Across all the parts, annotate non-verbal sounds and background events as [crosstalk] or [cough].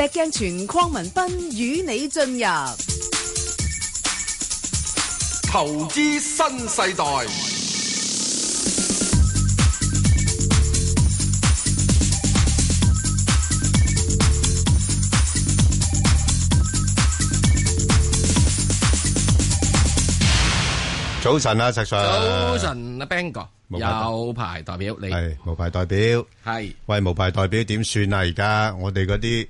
石鏡泉鄺文斌與你進入投資新世代。早晨啊石尚，早晨啊 Bang 哥，有牌代表你係，無牌代表係，喂，無牌代表點算啊？而家是我哋嗰啲。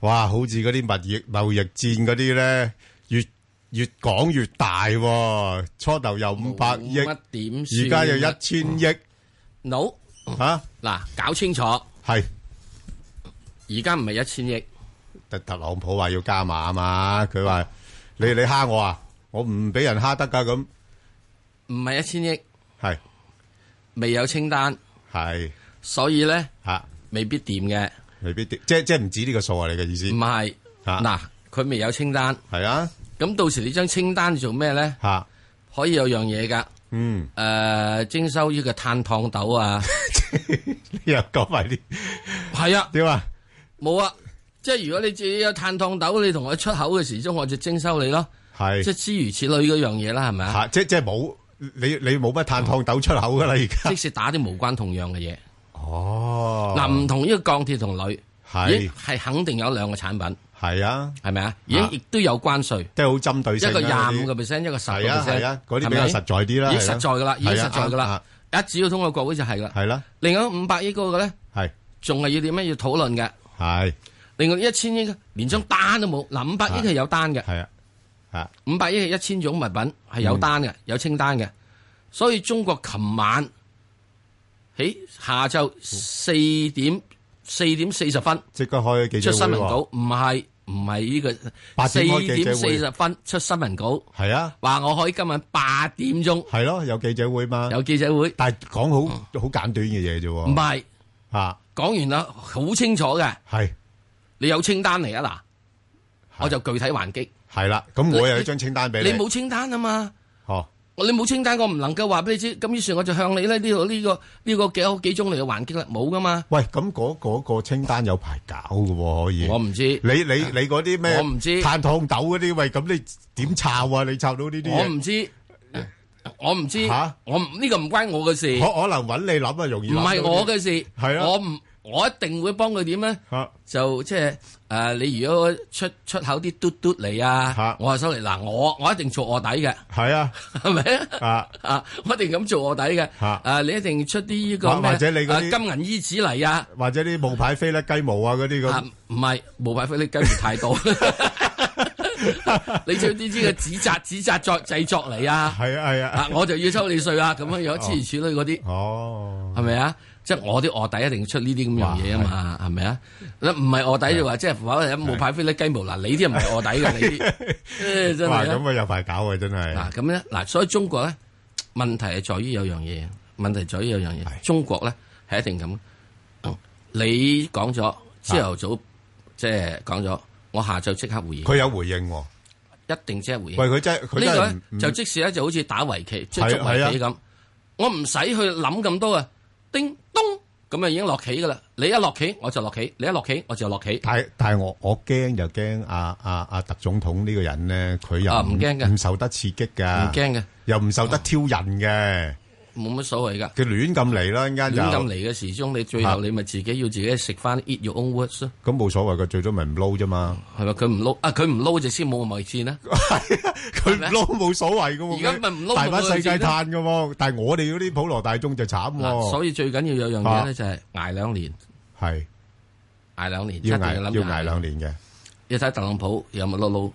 哇，好似嗰啲貿易貿易戰嗰啲咧，越越講越大，啊，初頭又五百億，而家又一千億，no 吓，啊，嗱，搞清楚，係是，而家唔係一千億，特特朗普話要加碼啊嘛，佢話你你蝦我啊，我唔俾人蝦得噶咁，唔係一千億，係，是未有清單，係是，所以咧吓，啊、未必掂嘅。未必，即係即係唔止呢個數啊！你嘅意思唔係，嗱，佢未有清單，係啊，咁到時你張清單做咩咧？吓、啊，可以有樣嘢噶，嗯，誒、呃，徵收呢個碳燙斗啊，呢 [laughs] 又講埋啲，係啊，點啊，冇啊，即係如果你自己有碳燙斗，你同我出口嘅時候，我就徵收你咯，係是，即係諸如此類嗰樣嘢啦，係咪啊？即即係冇，你你冇乜碳燙斗出口噶啦，而家、嗯、在即使打啲無關同樣嘅嘢。哦，嗱，唔同呢個鋼鐵同鋁，已經係肯定有兩個產品，係啊，係咪啊？已經亦都有關稅，都係好針對性，一個廿五個 percent，一個十 percent，啊，係啊，嗰啲比較實在啲啦，已經實在噶啦，已經實在噶啦，一隻要通過國會就係啦，係啦。另外五百億嗰個咧，係仲係要點樣要討論嘅，係。另外一千億連張單都冇，嗱，五百億係有單嘅，係啊，啊，五百億一千種物品係有單嘅，有清單嘅，所以中國琴晚。喺下晝四點四點四十分，即刻開記者會，出新聞稿，唔係唔係呢個四點四十分出新聞稿，係啊，話我可以今晚八點鐘，係咯，有記者會嘛？有記者會，但係講好好簡短嘅嘢啫。唔係啊，講完啦，好清楚嘅，係你有清單嚟啊嗱，我就具體還擊，係啦，咁我又有張清單俾你，你冇清單啊嘛？我你冇清單，我唔能夠話俾你知。咁於是我就向你咧呢度呢個呢個幾有幾鐘嚟嘅環境啦，冇㗎嘛。喂，咁嗰嗰個清單有排搞㗎喎，可以。我唔知。你你你嗰啲咩？我唔知。炭燙豆嗰啲喂，咁你點炒啊？你炒到呢啲嘢？我唔知，我唔知吓。我呢個唔關我嘅事。我可能揾你諗啊，容易。唔係我嘅事。係啊，我唔我一定會幫佢點咧吓，就即係。誒，你如果出出口啲嘟嘟嚟啊，我話收嚟。嗱，我我一定做臥底嘅，係啊，係咪啊？啊啊，我一定咁做臥底嘅，啊，你一定出啲呢個金銀衣紙嚟啊，或者啲冒牌飛甩雞毛啊嗰啲咁，唔係冒牌飛甩雞毛太多，你將呢啲嘅紙紮紙紮作製作嚟啊，係啊係啊，我就要收你稅啦，咁樣樣諸如此類嗰啲，哦，係咪啊？即係我啲臥底一定要出呢啲咁樣嘢啊嘛，係咪啊？唔係臥底就話，即係可冇派飛啲雞毛嗱，你啲又唔係臥底嘅，你啲真係咁啊有排搞啊，真係嗱咁咧嗱，所以中國咧問題係在於有樣嘢，問題在於有樣嘢，中國咧係一定咁。你講咗朝頭早，即係講咗，我下晝即刻回應。佢有回應，一定即刻回應。喂，佢呢個就即使咧就好似打圍棋，即係捉圍棋咁，我唔使去諗咁多啊。叮咚，咁啊已經落棋噶啦！你一落棋我就落棋，你一落棋我就落棋。但但係我我驚就驚阿阿阿特總統呢個人咧，佢又唔唔、啊、受得刺激噶，唔驚嘅，又唔受得挑釁嘅。啊冇乜所謂噶，佢亂咁嚟啦，依家亂咁嚟嘅時鐘，你最後你咪自己要自己食翻 eat your own words 咯。咁冇所謂噶，最屘咪唔撈啫嘛。係咪？佢唔撈啊！佢唔撈就先冇咁回事啦。佢撈冇所謂噶喎。而家咪唔撈大把世界嘆噶喎。但係我哋嗰啲普羅大眾就慘喎。所以最緊要有樣嘢咧，就係捱兩年。係捱兩年，要捱要捱兩年嘅。你睇特朗普又唔撈，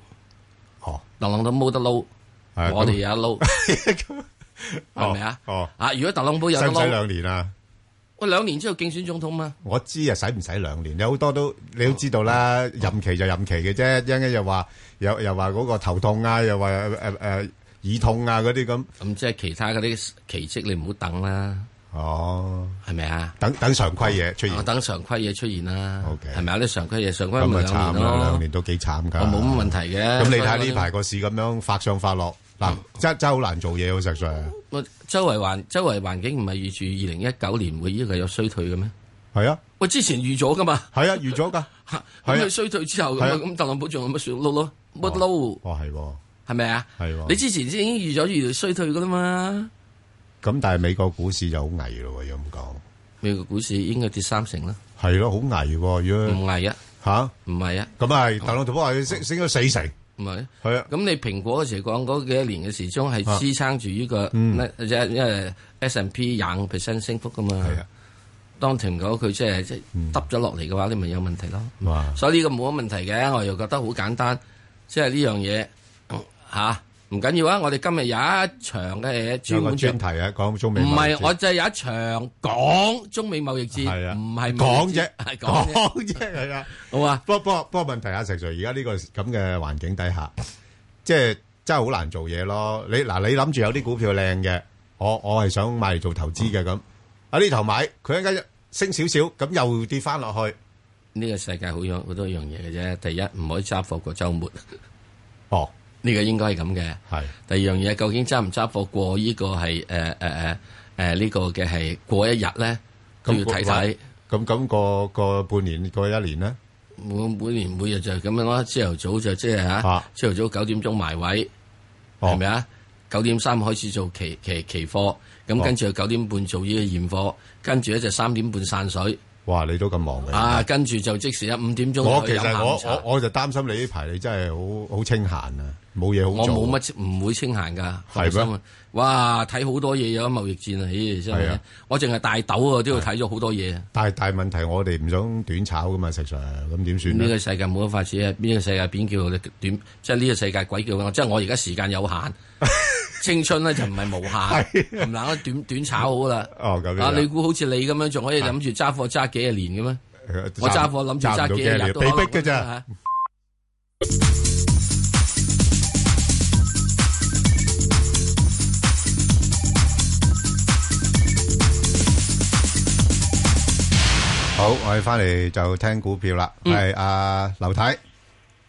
特朗普都冇得撈，我哋有一撈。係咪啊？哦啊！如果特朗普有得撈，使唔使兩年啊？喂，兩年之後競選總統嘛？我知啊，使唔使兩年？有好多都你都知道啦，任期就任期嘅啫。一陣又話又又話嗰個頭痛啊，又話誒誒耳痛啊嗰啲咁。咁即係其他嗰啲奇蹟，你唔好等啦。哦，係咪啊？等等常規嘢出現，等常規嘢出現啦。O K，係咪啊？啲常規嘢？常規咪兩年咯。兩年都幾慘噶，冇乜問題嘅。咁你睇呢排個市咁樣發上發落。真真好難做嘢喎，實在。我周圍環周圍環境唔係預住二零一九年會依個有衰退嘅咩？係啊。喂，之前預咗噶嘛？係啊，預咗噶。咁佢衰退之後，咁特朗普仲有乜算撈咯？乜撈？哦，係。係咪啊？係。你之前已經預咗要衰退噶啦嘛？咁但係美國股市就好危咯，又咁講。美國股市應該跌三成啦。係咯，好危。如果唔危啊？吓，唔係啊？咁啊，特朗普話要升升咗四成。唔係，係啊！咁你蘋果嘅時，時候講嗰幾一年嘅時鐘係支撐住呢個，即係誒 S and、啊嗯、P 廿五 percent 升幅噶嘛。係啊，當蘋果佢即係即係耷咗落嚟嘅話，你咪有問題咯。哇所以呢個冇乜問題嘅，我又覺得好簡單，即係呢樣嘢吓。啊唔緊要啊！我哋今日有一場嘅嘢，專門專題啊，講中美貿易。唔係，我就有一場講中美貿易戰，唔係講啫，係講啫，係啦。好啊。不過不過不過問題啊，石 Sir，而家呢個咁嘅環境底下，即係真係好難做嘢咯。你嗱，你諗住有啲股票靚嘅，我我係想買嚟做投資嘅咁。喺呢頭買，佢一陣間升少少，咁又跌翻落去。呢個世界好樣好多樣嘢嘅啫。第一唔可以揸貨過週末。呢個應該係咁嘅。係是。第二樣嘢，究竟揸唔揸貨過，呢個係誒誒誒誒呢個嘅係過一日咧都要睇睇。咁咁過過半年過一年咧？我每，每年每日就係咁樣啦。朝頭早就即係嚇。朝頭、啊、早九點鐘埋位，係咪啊？九點三開始做期期期貨，咁、啊、跟住就九點半做呢個現貨，跟住咧就三點半散水。哇！你都咁忙嘅。啊，跟住就即時一啊，五點鐘。我其實我我就擔心你呢排你真係好好清閒啊！冇嘢好做，我冇乜唔會清閒噶，係咩？哇！睇好多嘢有貿易戰啊，咦！真係，我淨係大豆啊，都要睇咗好多嘢。但係大問題，我哋唔想短炒噶嘛，實在。咁點算？呢個世界冇法治啊？邊個世界邊叫短？即係呢個世界鬼叫啊！即係我而家時間有限，青春咧就唔係無限，唔嗱，我短短炒好啦。啊，你估好似你咁樣，仲可以諗住揸貨揸幾廿年嘅咩？我揸貨諗住揸幾年。被逼嘅咋？好，我哋翻嚟就聽股票啦。係阿劉太，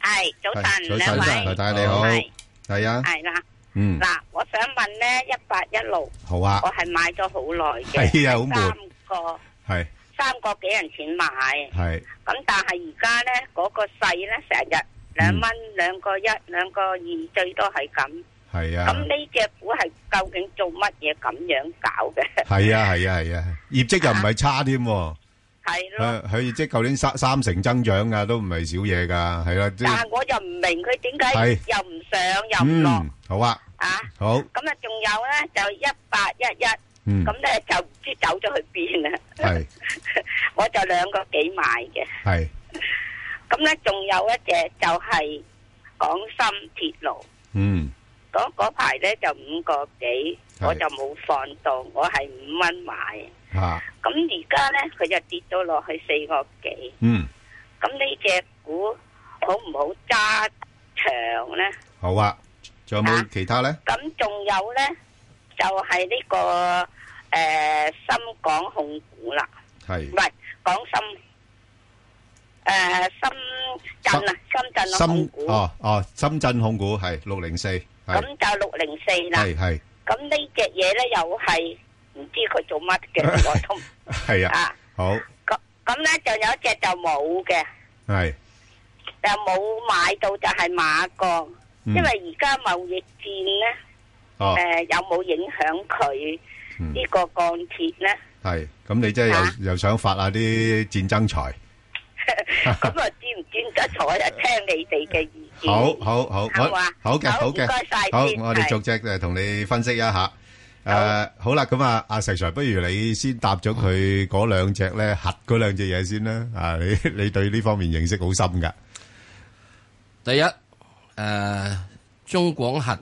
係早晨，早晨，劉太你好，係啊，係啦，嗯。嗱，我想問咧，一八一六，好啊，我係買咗好耐嘅，係啊，好悶，三個，係三個幾銀錢買，係，咁但係而家咧嗰個勢咧成日兩蚊兩個一兩個二最多係咁，係啊，咁呢隻股係究竟做乜嘢咁樣搞嘅？係啊，係啊，係啊，業績又唔係差添。係咯，佢即係舊年三三成增長噶，都唔係少嘢噶，係啦。但係我就唔明佢點解又唔上又唔落。嗯，好啊。啊，好。咁啊，仲有咧就一八一一，咁咧就唔知走咗去邊啦。係，我就兩個幾買嘅。係。咁咧，仲有一隻就係廣深鐵路。嗯。嗰嗰排咧就五個幾，我就冇放到，我係五蚊買。啊！咁而家咧，佢就跌到落去四個幾。嗯。咁呢隻股好唔好揸長咧？好啊。仲有冇其他咧？咁仲有咧，就係呢個誒深港控股啦。係。唔係，講深誒深圳啊，深圳控股。深哦哦，深圳控股係六零四。咁就六零四啦。係係。咁呢隻嘢咧，又係。唔知佢做乜嘅，我都係啊，好咁咁咧，就有一隻就冇嘅，係又冇買到，就係馬鋼，因為而家貿易戰咧，誒，有冇影響佢呢個鋼鐵咧？係咁，你即係又又想發下啲戰爭財？咁啊，專唔專得財啊？聽你哋嘅意見，好好好，好啊，好嘅，好嘅，唔該晒先。我哋逐隻誒同你分析一下。誒，uh, 好啦，咁啊，阿石才，不如你先答咗佢嗰兩隻咧核嗰兩隻嘢先啦。啊、uh，你你對呢方面認識好深噶。第一，誒、呃，中廣核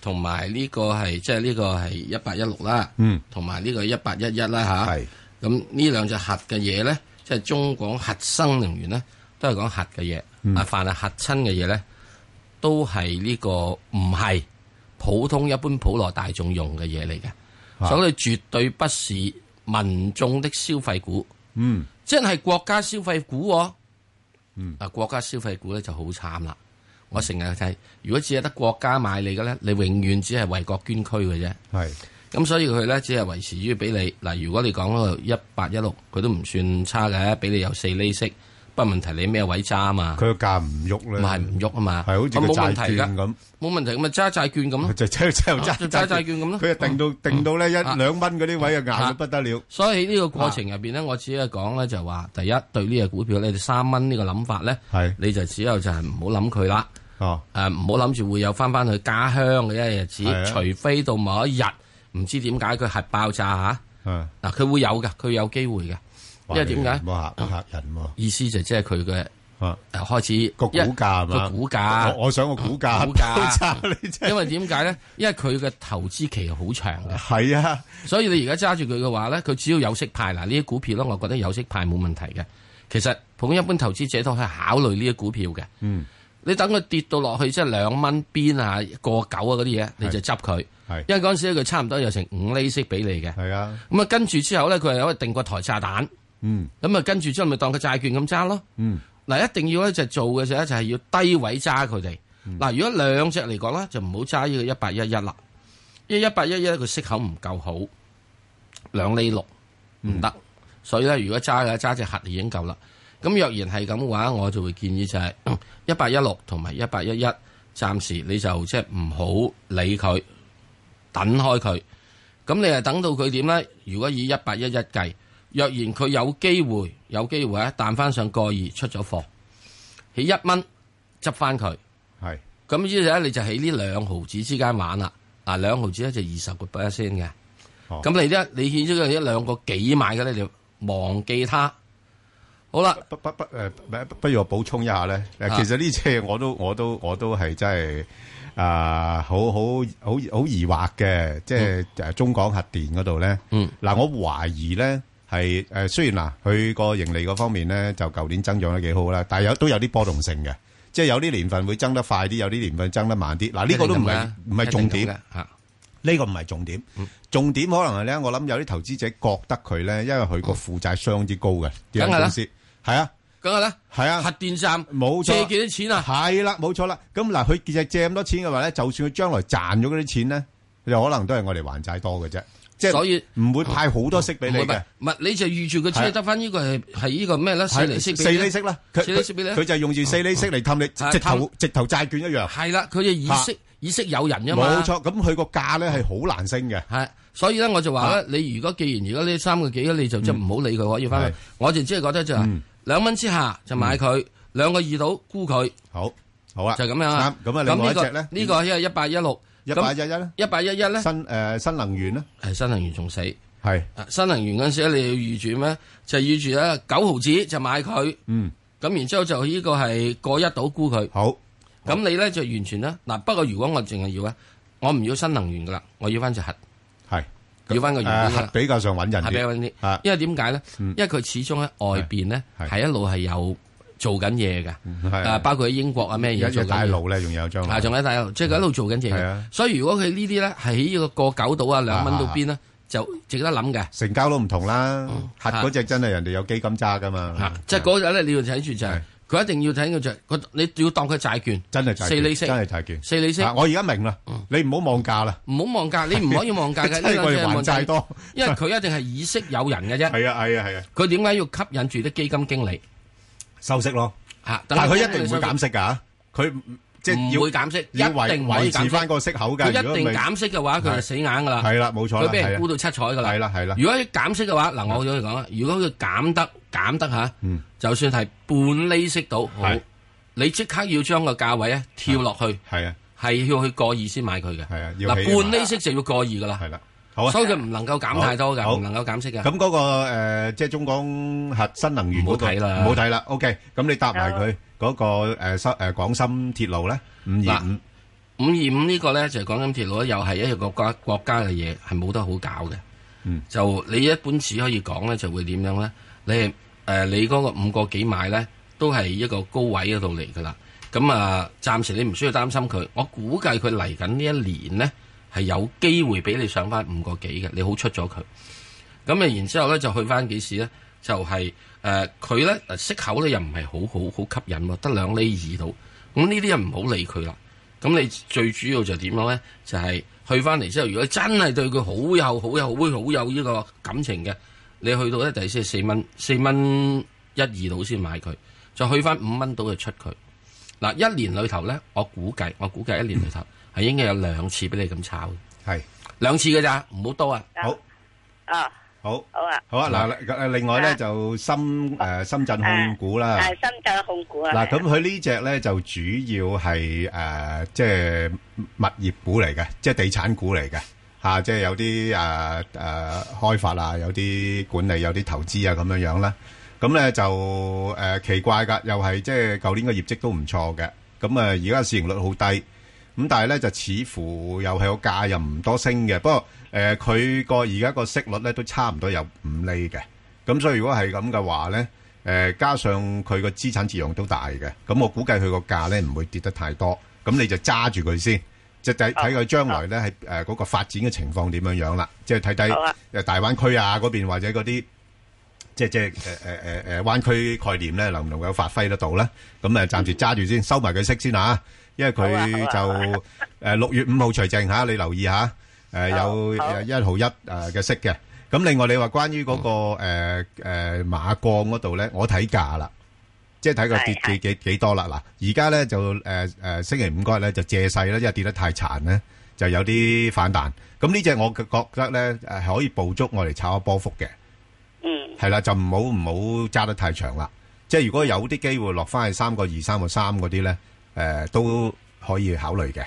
同埋呢個係即係呢個係一八一六啦，嗯，同埋、啊、呢個一八一一啦，吓，係。咁呢兩隻核嘅嘢咧，即係中廣核新能源咧，都係講核嘅嘢，啊、嗯，凡係核親嘅嘢咧，都係呢、這個唔係。普通一般普羅大眾用嘅嘢嚟嘅，啊、所以絕對不是民眾的消費股，嗯，即係國家消費股、哦，嗯，啊國家消費股咧就好慘啦，我成日睇，如果只係得國家買你嘅咧，你永遠只係為國捐軀嘅啫，係是，咁、啊、所以佢咧只係維持於俾你，嗱、啊、如果你講度一八一六，佢都唔算差嘅，俾你有四厘息。不問題，你咩位揸嘛？佢個價唔喐咧，唔係唔喐啊嘛，係好似個債券咁，冇問題咁咪揸債券咁咯，就揸揸又揸債債券咁咯。佢定到定到咧一兩蚊嗰啲位啊，硬到不得了。所以呢個過程入邊咧，我只係講咧就話，第一對呢隻股票你哋，三蚊呢個諗法咧，係你就只有就係唔好諗佢啦。哦，誒唔好諗住會有翻翻去家鄉嘅一日子，除非到某一日唔知點解佢係爆炸吓。嗯，嗱，佢會有嘅，佢有機會嘅。因為點解唔吓唔吓人意思就即係佢嘅開始股價股價，我想個股價，股價，因為點解咧？因為佢嘅投資期好長嘅。係啊，所以你而家揸住佢嘅話咧，佢只要有息派，嗱呢啲股票咧，我覺得有息派冇問題嘅。其實普通一般投資者都可以考慮呢啲股票嘅。嗯，你等佢跌到落去即係兩蚊邊啊，過九啊嗰啲嘢，你就執佢。係因為嗰陣時佢差唔多有成五厘息俾你嘅。係啊，咁啊跟住之後咧，佢係有一個定骨台炸彈。嗯，咁啊，跟住之後咪當佢債券咁揸咯。嗯，嗱，一定要一隻做嘅時候就係要低位揸佢哋。嗱、嗯，如果兩隻嚟講咧，就唔好揸呢個一八一一啦，因為一八一一佢息口唔夠好，兩厘六唔得，嗯、所以咧如果揸嘅揸隻核已經夠啦。咁若然係咁嘅話，我就會建議就係一八一六同埋一八一一，暫、嗯、 [coughs] 時你就即係唔好理佢，等開佢。咁你係等到佢點咧？如果以一八一一計。 [coughs] [coughs] 若然佢有機會，有機會咧彈翻上個二出咗貨，起一蚊執翻佢。係咁依啲咧你就喺呢兩毫子之間玩啦。嗱，兩毫子咧就二十個 percent 嘅，咁你咧你顯咗一兩個幾買嘅咧就忘記他。好啦，不不不，誒，不如我補充一下咧。其實呢啲嘢我都我都我都係真係啊，好好好好疑惑嘅，即係誒中港核電嗰度咧。嗯，嗱，我懷疑咧。係誒，雖然嗱，佢個盈利嗰方面咧，就舊年增長得幾好啦，但係有都有啲波動性嘅，即係有啲年份會增得快啲，有啲年份增得慢啲。嗱，呢個都唔係唔係重點吓，呢個唔係重點。重點可能係咧，我諗有啲投資者覺得佢咧，因為佢個負債相當之高嘅，電力公司係啊，梗係啦，係啊，核電站冇借幾多錢啊，係啦，冇錯啦。咁嗱，佢其實借咁多錢嘅話咧，就算佢將來賺咗嗰啲錢咧，又可能都係我哋還債多嘅啫。即係所以唔會派好多息俾你嘅，唔係你就預住佢只係得翻呢個係係呢個咩咧？四厘息，四厘息啦，四厘息俾咧，佢就用住四厘息嚟氹你，直頭直頭債券一樣。係啦，佢就以息以息誘人噶嘛。冇錯，咁佢個價咧係好難升嘅。係，所以咧我就話咧，你如果既然而家呢三個幾咧，你就即係唔好理佢，可以翻去。我就只係覺得就係兩蚊之下就買佢，兩個二到估佢。好，好啊，就咁樣啊。咁啊，另外一隻咧，呢個係一八一六。一百一一咧，一百一一咧，新誒、呃、新能源咧，係新能源仲死，係是新能源嗰時咧，你要預住咩？就預住咧九毫子就買佢，嗯，咁然之後就呢個係過一倒沽佢，好，咁你咧就完全咧嗱，不過如果我淨係要咧，我唔要新能源噶啦，我要翻隻核，係是要翻個核，核比較上穩陣，啲，因為點解咧？啊嗯、因為佢始終喺外邊咧，係一路係有。做緊嘢嘅，啊，包括喺英國啊咩嘢做緊。大陸咧，仲有張。仲喺大陸，即係佢喺度做緊嘢。所以如果佢呢啲咧，喺個九到啊兩蚊到邊呢，就值得諗嘅。成交都唔同啦，嚇嗰隻真係人哋有基金揸噶嘛。即係嗰日咧，你要睇住就係佢一定要睇個債，佢你要當佢債券。真係債券，四釐息，真係債券，四釐息。我而家明啦，你唔好望價啦，唔好望價，你唔可以望價嘅。因為還債多，因為佢一定係以息誘人嘅啫。係啊係啊係啊！佢點解要吸引住啲基金經理？收息咯，但係佢一定唔會減息噶，佢即係唔會減息，一定維持翻個息口噶。佢一定減息嘅話，佢係死硬噶啦。係啦，冇錯啦。佢俾人沽到七彩噶啦。係啦，係啦。如果減息嘅話，嗱，我再講啊，如果佢減得減得吓，就算係半厘息到好，你即刻要將個價位咧跳落去，係啊，係要去過二先買佢嘅。係啊，要起。嗱，半厘息就要過二噶啦。係啦。好，所以佢唔能夠減太多嘅，唔能夠減息嘅。咁嗰個誒，即係中港核新能源，唔好睇啦，唔好睇啦。OK，咁你搭埋佢嗰個誒深誒廣深鐵路咧，五二五，五二五呢個咧就係廣深鐵路，又係一個國國家嘅嘢，係冇得好搞嘅。嗯，就你一般只可以講咧，就會點樣咧？你誒，你嗰個五個幾買咧，都係一個高位嗰度嚟噶啦。咁啊，暫時你唔需要擔心佢。我估計佢嚟緊呢一年咧。係有機會俾你上翻五個幾嘅，你好出咗佢。咁誒，然之後咧就去翻幾時咧，就係誒佢咧息口咧又唔係好好好吸引喎，得兩厘二度。咁呢啲又唔好理佢啦。咁你最主要就點樣咧？就係、是、去翻嚟之後，如果你真係對佢好有好有好有呢個感情嘅，你去到咧第時四蚊四蚊一二度先買佢，再去翻五蚊度就出佢。嗱一年裏頭咧，我估計我估計一年裏頭。 [laughs] 係應該有兩次俾你咁炒，係兩次㗎咋，唔好多啊。好啊，好，好啊。好啊，嗱，誒另外咧就深誒深圳控股啦，誒深圳控股啊。嗱，咁佢呢隻咧就主要係誒即係物業股嚟嘅，即係地產股嚟嘅吓，即係有啲誒誒開發啊，有啲管理，有啲投資啊咁樣樣啦。咁咧就誒奇怪㗎，又係即係舊年嘅業績都唔錯嘅，咁啊而家市盈率好低。咁但係咧就似乎又係個價又唔多升嘅，不過誒佢個而家個息率咧都差唔多有五厘嘅，咁所以如果係咁嘅話咧，誒、呃、加上佢個資產自用都大嘅，咁我估計佢個價咧唔會跌得太多，咁你就揸住佢先，即睇睇佢將來咧喺誒嗰個發展嘅情況點樣樣啦，即係睇睇誒大灣區啊嗰邊或者嗰啲即係即係誒誒誒誒灣區概念咧能唔能夠發揮得到咧？咁啊暫時揸住先，收埋佢息先吓、啊。因為佢就誒六月五號除淨吓，你留意吓，誒有一毫一誒嘅息嘅。咁另外你話關於嗰個誒誒馬鋼嗰度咧，我睇價啦，即係睇個跌幾幾幾多啦。嗱，而家咧就誒誒星期五嗰日咧就借勢啦，因為跌得太殘咧，就有啲反彈。咁呢隻我覺得咧誒係可以捕捉我哋炒下波幅嘅。嗯，係啦，就唔好唔好揸得太長啦。即係如果有啲機會落翻去三個二、三個三嗰啲咧。誒、呃，都可以考慮嘅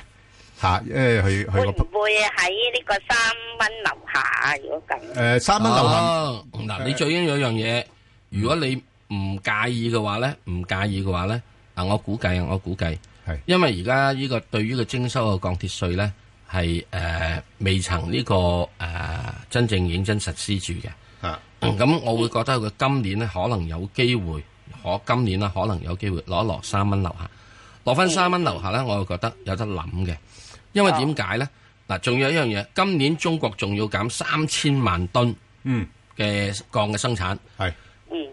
吓，因為佢佢會唔會喺呢個三蚊樓下，如果咁誒，三蚊樓下嗱，你最緊要一樣嘢，如果你唔、呃、介意嘅話咧，唔介意嘅話咧，嗱，我估計啊，我估計係，是因為而家呢個對於個徵收嘅鋼鐵稅咧，係誒、呃、未曾呢、這個誒、呃、真正認真實施住嘅啊，咁、嗯嗯、我會覺得佢今年咧可能有機會，可今年啦可能有機會攞一攞三蚊樓下。落翻三蚊樓下咧，我又覺得有得諗嘅，因為點解咧？嗱，仲有一樣嘢，今年中國仲要減三千萬噸嘅鋼嘅生產，係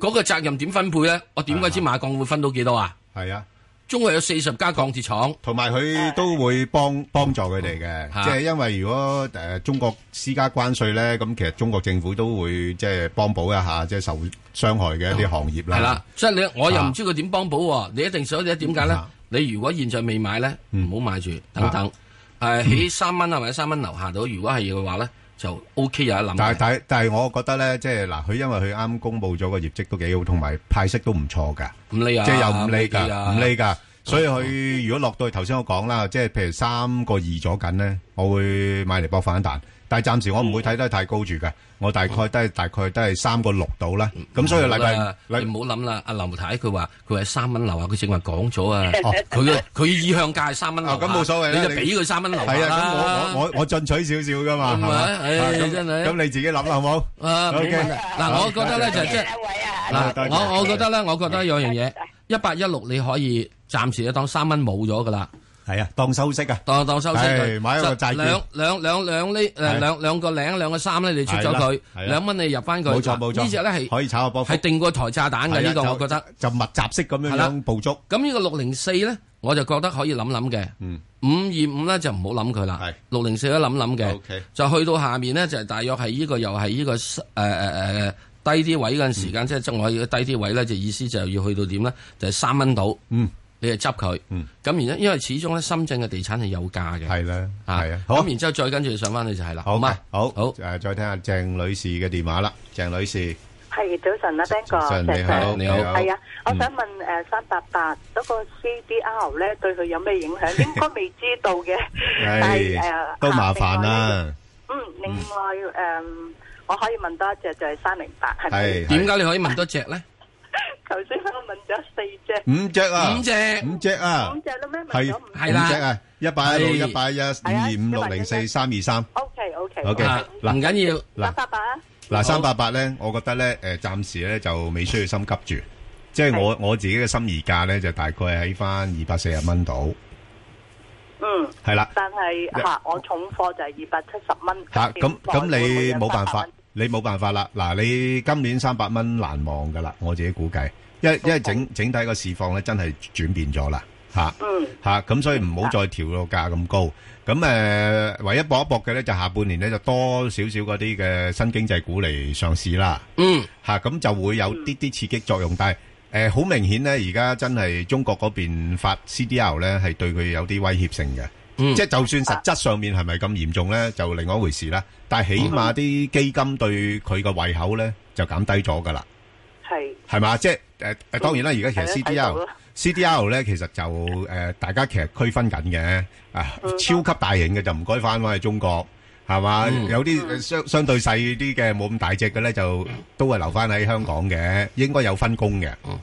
嗰個責任點分配咧？我點解知馬鋼會分到幾多啊？係啊，中國有四十家鋼鐵廠，同埋佢都會幫幫助佢哋嘅，即係因為如果誒中國施加關稅咧，咁其實中國政府都會即係幫補一下，即係受傷害嘅一啲行業啦。係啦，即係你我又唔知佢點幫補喎？你一定想點解咧？你如果現在未買咧，唔好買住，等等。誒，喺三蚊啊，啊或者三蚊樓下度如果係嘅話咧，就 O、OK, K 有得諗。但係但係，我覺得咧，即係嗱，佢因為佢啱公布咗個業績都幾好，同埋派息都唔錯㗎。咁你啊，即係又唔理㗎，五釐㗎。所以佢如果落到去頭先我講啦，即係譬如三個二咗緊咧，我會買嚟博反彈。但係暫時我唔會睇得太高住嘅，我大概都係大概都係三個六度啦。咁所以禮拜你唔好諗啦。阿劉太佢話佢係三蚊樓啊，佢正話講咗啊。佢佢意向價係三蚊。哦，咁冇所謂，你就俾佢三蚊樓啦。係啊，咁我我我我進取少少㗎嘛，係嘛？咁真係，咁你自己諗啦，好冇？啊，冇問題。嗱，我覺得咧就即係嗱，我我覺得咧，我覺得有樣嘢，一八一六你可以暫時咧當三蚊冇咗㗎啦。係啊，當收息啊，當當收息。買一個債券，兩兩兩兩呢？兩兩個零，兩個三咧，你出咗佢，兩蚊你入翻佢。冇錯冇錯。呢隻咧係可以炒下波幅，係定過台炸彈嘅呢個，我覺得就密集式咁樣樣捕捉。咁呢個六零四咧，我就覺得可以諗諗嘅。五二五咧就唔好諗佢啦。六零四咧諗諗嘅。就去到下面呢，就大約係呢個又係呢個誒誒誒低啲位嗰陣時間，即係即係我低啲位咧，就意思就要去到點呢？就三蚊到。嗯。你係執佢，咁然之後，因為始終咧深圳嘅地產係有價嘅，係啦，係啊，咁然之後再跟住上翻去就係啦，好嘛，好好誒，再聽下鄭女士嘅電話啦，鄭女士，係早晨啊 Ben 哥，早晨你好，你好，係啊，我想問誒三八八嗰個 CDR 咧對佢有咩影響？應該未知道嘅，但係誒都麻煩啦，嗯，另外誒我可以問多一隻就係三零八，係點解你可以問多一隻咧？頭先我問咗四隻，五隻啊，五隻，五隻啊，五隻咯咩？係係啦，係啦，一八六一八一二五六零四三二三。O K O K O K 嗱唔緊要，三八八啊，嗱三八八咧，我覺得咧誒，暫時咧就未需要心急住，即係我我自己嘅心儀價咧就大概喺翻二百四十蚊度。嗯，係啦，但係吓我重貨就係二百七十蚊。吓咁咁你冇辦法。你冇辦法啦，嗱、啊，你今年三百蚊難忘嘅啦，我自己估計，一因，因為整整體個市況咧真係轉變咗啦，嚇、啊，嚇、啊、咁、啊、所以唔好再調到價咁高，咁、啊、誒唯一搏一搏嘅咧就下半年咧就多少少嗰啲嘅新經濟股嚟上市啦，嗯，嚇咁、啊、就會有啲啲刺激作用，但係誒好明顯咧而家真係中國嗰邊發 C D R 咧係對佢有啲威脅性嘅。即係就算實質上面係咪咁嚴重咧，就另外一回事啦。但係起碼啲基金對佢個胃口咧就減低咗㗎喇。係，係嘛？即係誒當然啦。而家其實 C D R C D R 咧，其實就誒大家其實區分緊嘅啊。超級大型嘅就唔該翻返去中國係嘛？有啲相相對細啲嘅冇咁大隻嘅咧，就都會留返喺香港嘅，應該有分工嘅。嗯，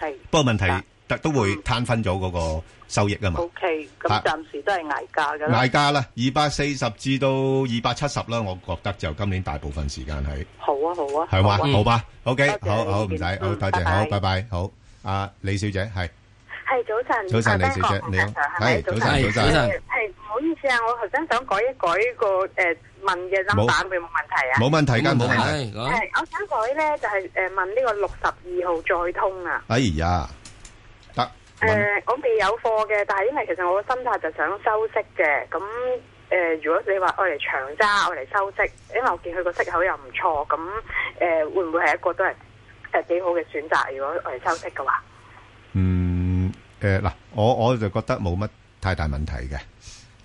係。不過問題。都都會攤分咗嗰個收益㗎嘛。OK，咁暫時都係挨價嘅。挨價啦，二百四十至到二百七十啦，我覺得就今年大部分時間係。好啊，好啊，係嘛，好吧。OK，好好唔使，好，多謝，好，拜拜。好，阿李小姐，係，係早晨，早晨李小姐，你好。係早晨，早晨，係唔好意思啊，我頭先想改一改個誒問嘅諗法會冇問題啊？冇問題，冇問題。我想改咧，就係誒問呢個六十二號再通啊。哎呀！誒、呃，我未有貨嘅，但係因為其實我個心態就想收息嘅。咁誒、呃，如果你話我嚟長揸，我嚟收息，因為我見佢個息口又唔錯，咁誒、呃，會唔會係一個都係誒幾好嘅選擇？如果嚟收息嘅話，嗯，誒、呃、嗱，我我就覺得冇乜太大問題嘅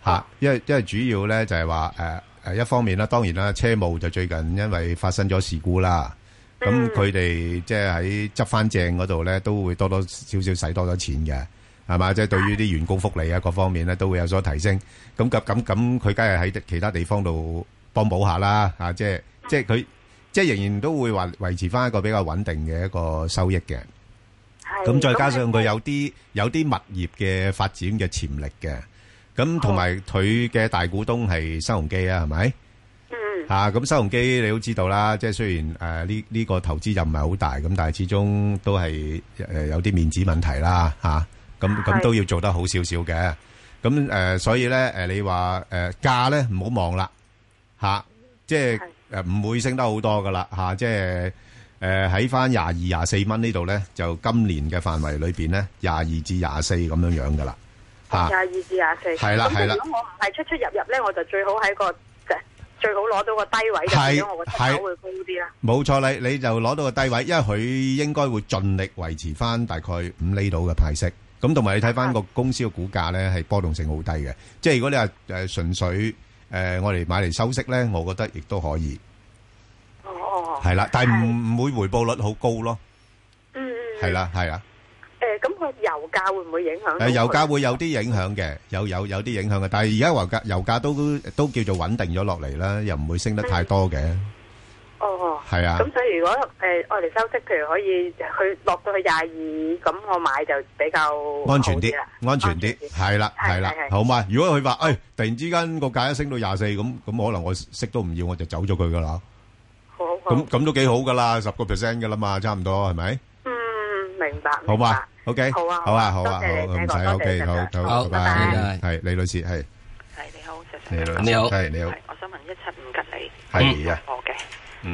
吓。嗯、因為因為主要咧就係話誒誒一方面啦，當然啦，車務就最近因為發生咗事故啦。咁佢哋即係喺執翻正嗰度咧，都會多多少少使多咗錢嘅，係嘛？即係對於啲員工福利啊各方面咧，都會有所提升。咁咁咁，佢梗係喺其他地方度幫補下啦，啊！即係即係佢，即係仍然都會話維持翻一個比較穩定嘅一個收益嘅。係。咁再加上佢有啲有啲物業嘅發展嘅潛力嘅，咁同埋佢嘅大股東係新鴻基啊，係咪？啊，咁收容機你都知道啦，即係雖然誒呢呢個投資又唔係好大，咁但係始終都係誒有啲面子問題啦，吓，咁咁都要做得好少少嘅，咁誒所以咧誒你話誒價咧唔好望啦，吓，即係誒唔會升得好多噶啦，吓，即係誒喺翻廿二廿四蚊呢度咧，就今年嘅範圍裏邊咧廿二至廿四咁樣樣噶啦，吓。廿二至廿四。係啦係啦。咁如果我唔係出出入入咧，我就最好喺個。最好攞到個低位，咁我個價會高啲啦。冇錯，你你就攞到個低位，因為佢應該會盡力維持翻大概五厘度嘅派息。咁同埋你睇翻個公司嘅股價咧，係波動性好低嘅。即係如果你話誒純粹誒我哋買嚟收息咧，我覺得亦都可以。哦，係啦，但係唔唔會回報率好高咯。嗯，係啦，係啦。誒，咁個油價會唔會影響咧？誒，油價會有啲影響嘅，有有有啲影響嘅。但係而家油價油價都都叫做穩定咗落嚟啦，又唔會升得太多嘅。哦，係啊。咁所以如果誒我哋收息，譬如可以去落到去廿二，咁我買就比較安全啲啦，安全啲係啦，係啦。好嘛？如果佢話誒突然之間個價一升到廿四，咁咁可能我息都唔要，我就走咗佢噶啦。好。咁咁都幾好噶啦，十個 percent 噶啦嘛，差唔多係咪？明白，好嘛，OK，好啊，好啊，多謝你，唔使，OK，好，好，拜拜，係李女士，係，係你好，係係，你好，你好，我想問一七五吉利，係啊，我嘅，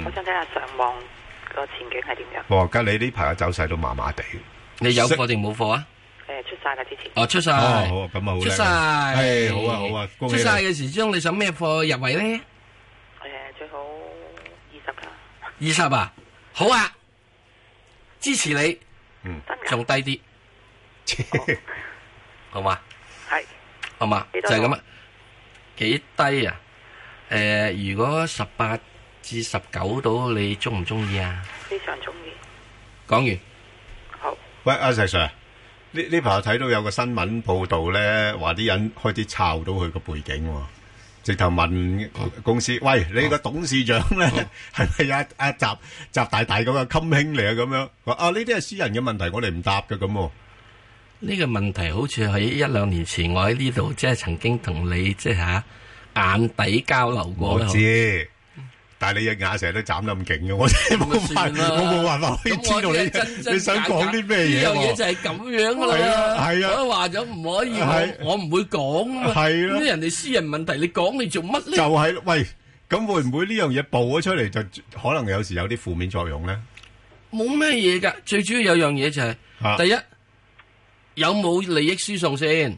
我想睇下上望個前景係點樣。哇，吉利呢排嘅走勢都麻麻地，你有貨定冇貨啊？誒，出晒㗎之前。哦，出晒，好啊，品貌好靚。出晒，係，好啊，好啊，出晒嘅時之中，你想咩貨入位咧？誒，最好二十啦。二十啊，好啊，支持你。嗯，仲低啲，好嘛？係，好嘛？就係咁啊？幾低啊？誒、呃，如果十八至十九度，你中唔中意啊？非常中意。講完。好。喂，阿、啊、Sir，呢呢排睇到有個新聞報道咧，話啲人開始抄到佢個背景喎。直頭問公司：，啊、喂，啊、你個董事長咧係咪阿阿習習大大咁嘅襟兄嚟啊？咁樣話啊，呢啲係私人嘅問題，我哋唔答嘅咁喎。呢、啊、個問題好似喺一兩年前我，我喺呢度即係曾經同你即係嚇眼底交流過啦。但係你隻眼成日都眨得咁勁嘅，我冇辦法，我冇辦法可以知道你你想講啲咩嘢。呢樣嘢就係咁樣啦，係啊，話咗唔可以，我我唔會講。係啦，啲人哋私人問題，你講你做乜咧？就係，喂，咁會唔會呢樣嘢報咗出嚟，就可能有時有啲負面作用咧？冇咩嘢噶，最主要有樣嘢就係，第一有冇利益輸送先？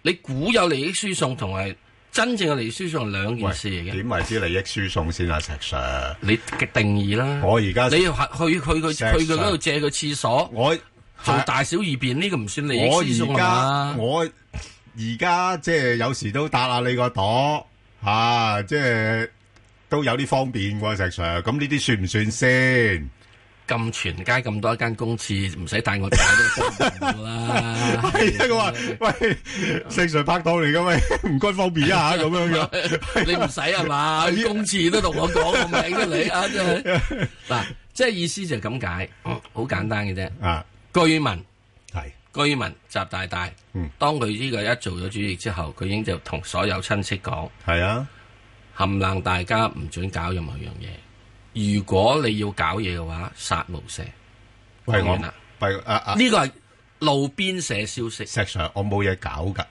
你估有利益輸送同係？真正嘅利益輸送係兩件事嘅，點為之利益輸送先啊，石 Sir？你嘅定義啦。我而家，你去去佢佢佢嗰度借個廁所，我做大小二便呢個唔算利益輸送係嘛？我而家，我而家即係有時都打下你個袋朵嚇，即係都有啲方便喎，啊，石 Sir。咁呢啲算唔算先？咁全街咁多一間公廁，唔使帶我走都得啦。係啊， [laughs] 啊，我話喂，姓誰拍檔，嚟噶咪？唔該方便一下咁，啊，樣，啊，樣，你唔使係嘛？啲，啊，公廁都同我講個名嚟 [laughs] 啊，真係嗱，即係意思就咁解，好，嗯，簡單嘅啫。啊，居民係居民習大大，嗯，當佢呢個一做咗主席之後，佢已經就同所有親戚講，係啊，冚唥大家唔准搞任何樣嘢。如果你要搞嘢嘅話，殺無赦。係我。呢個係路邊社消息。石 Sir 我冇嘢搞噶。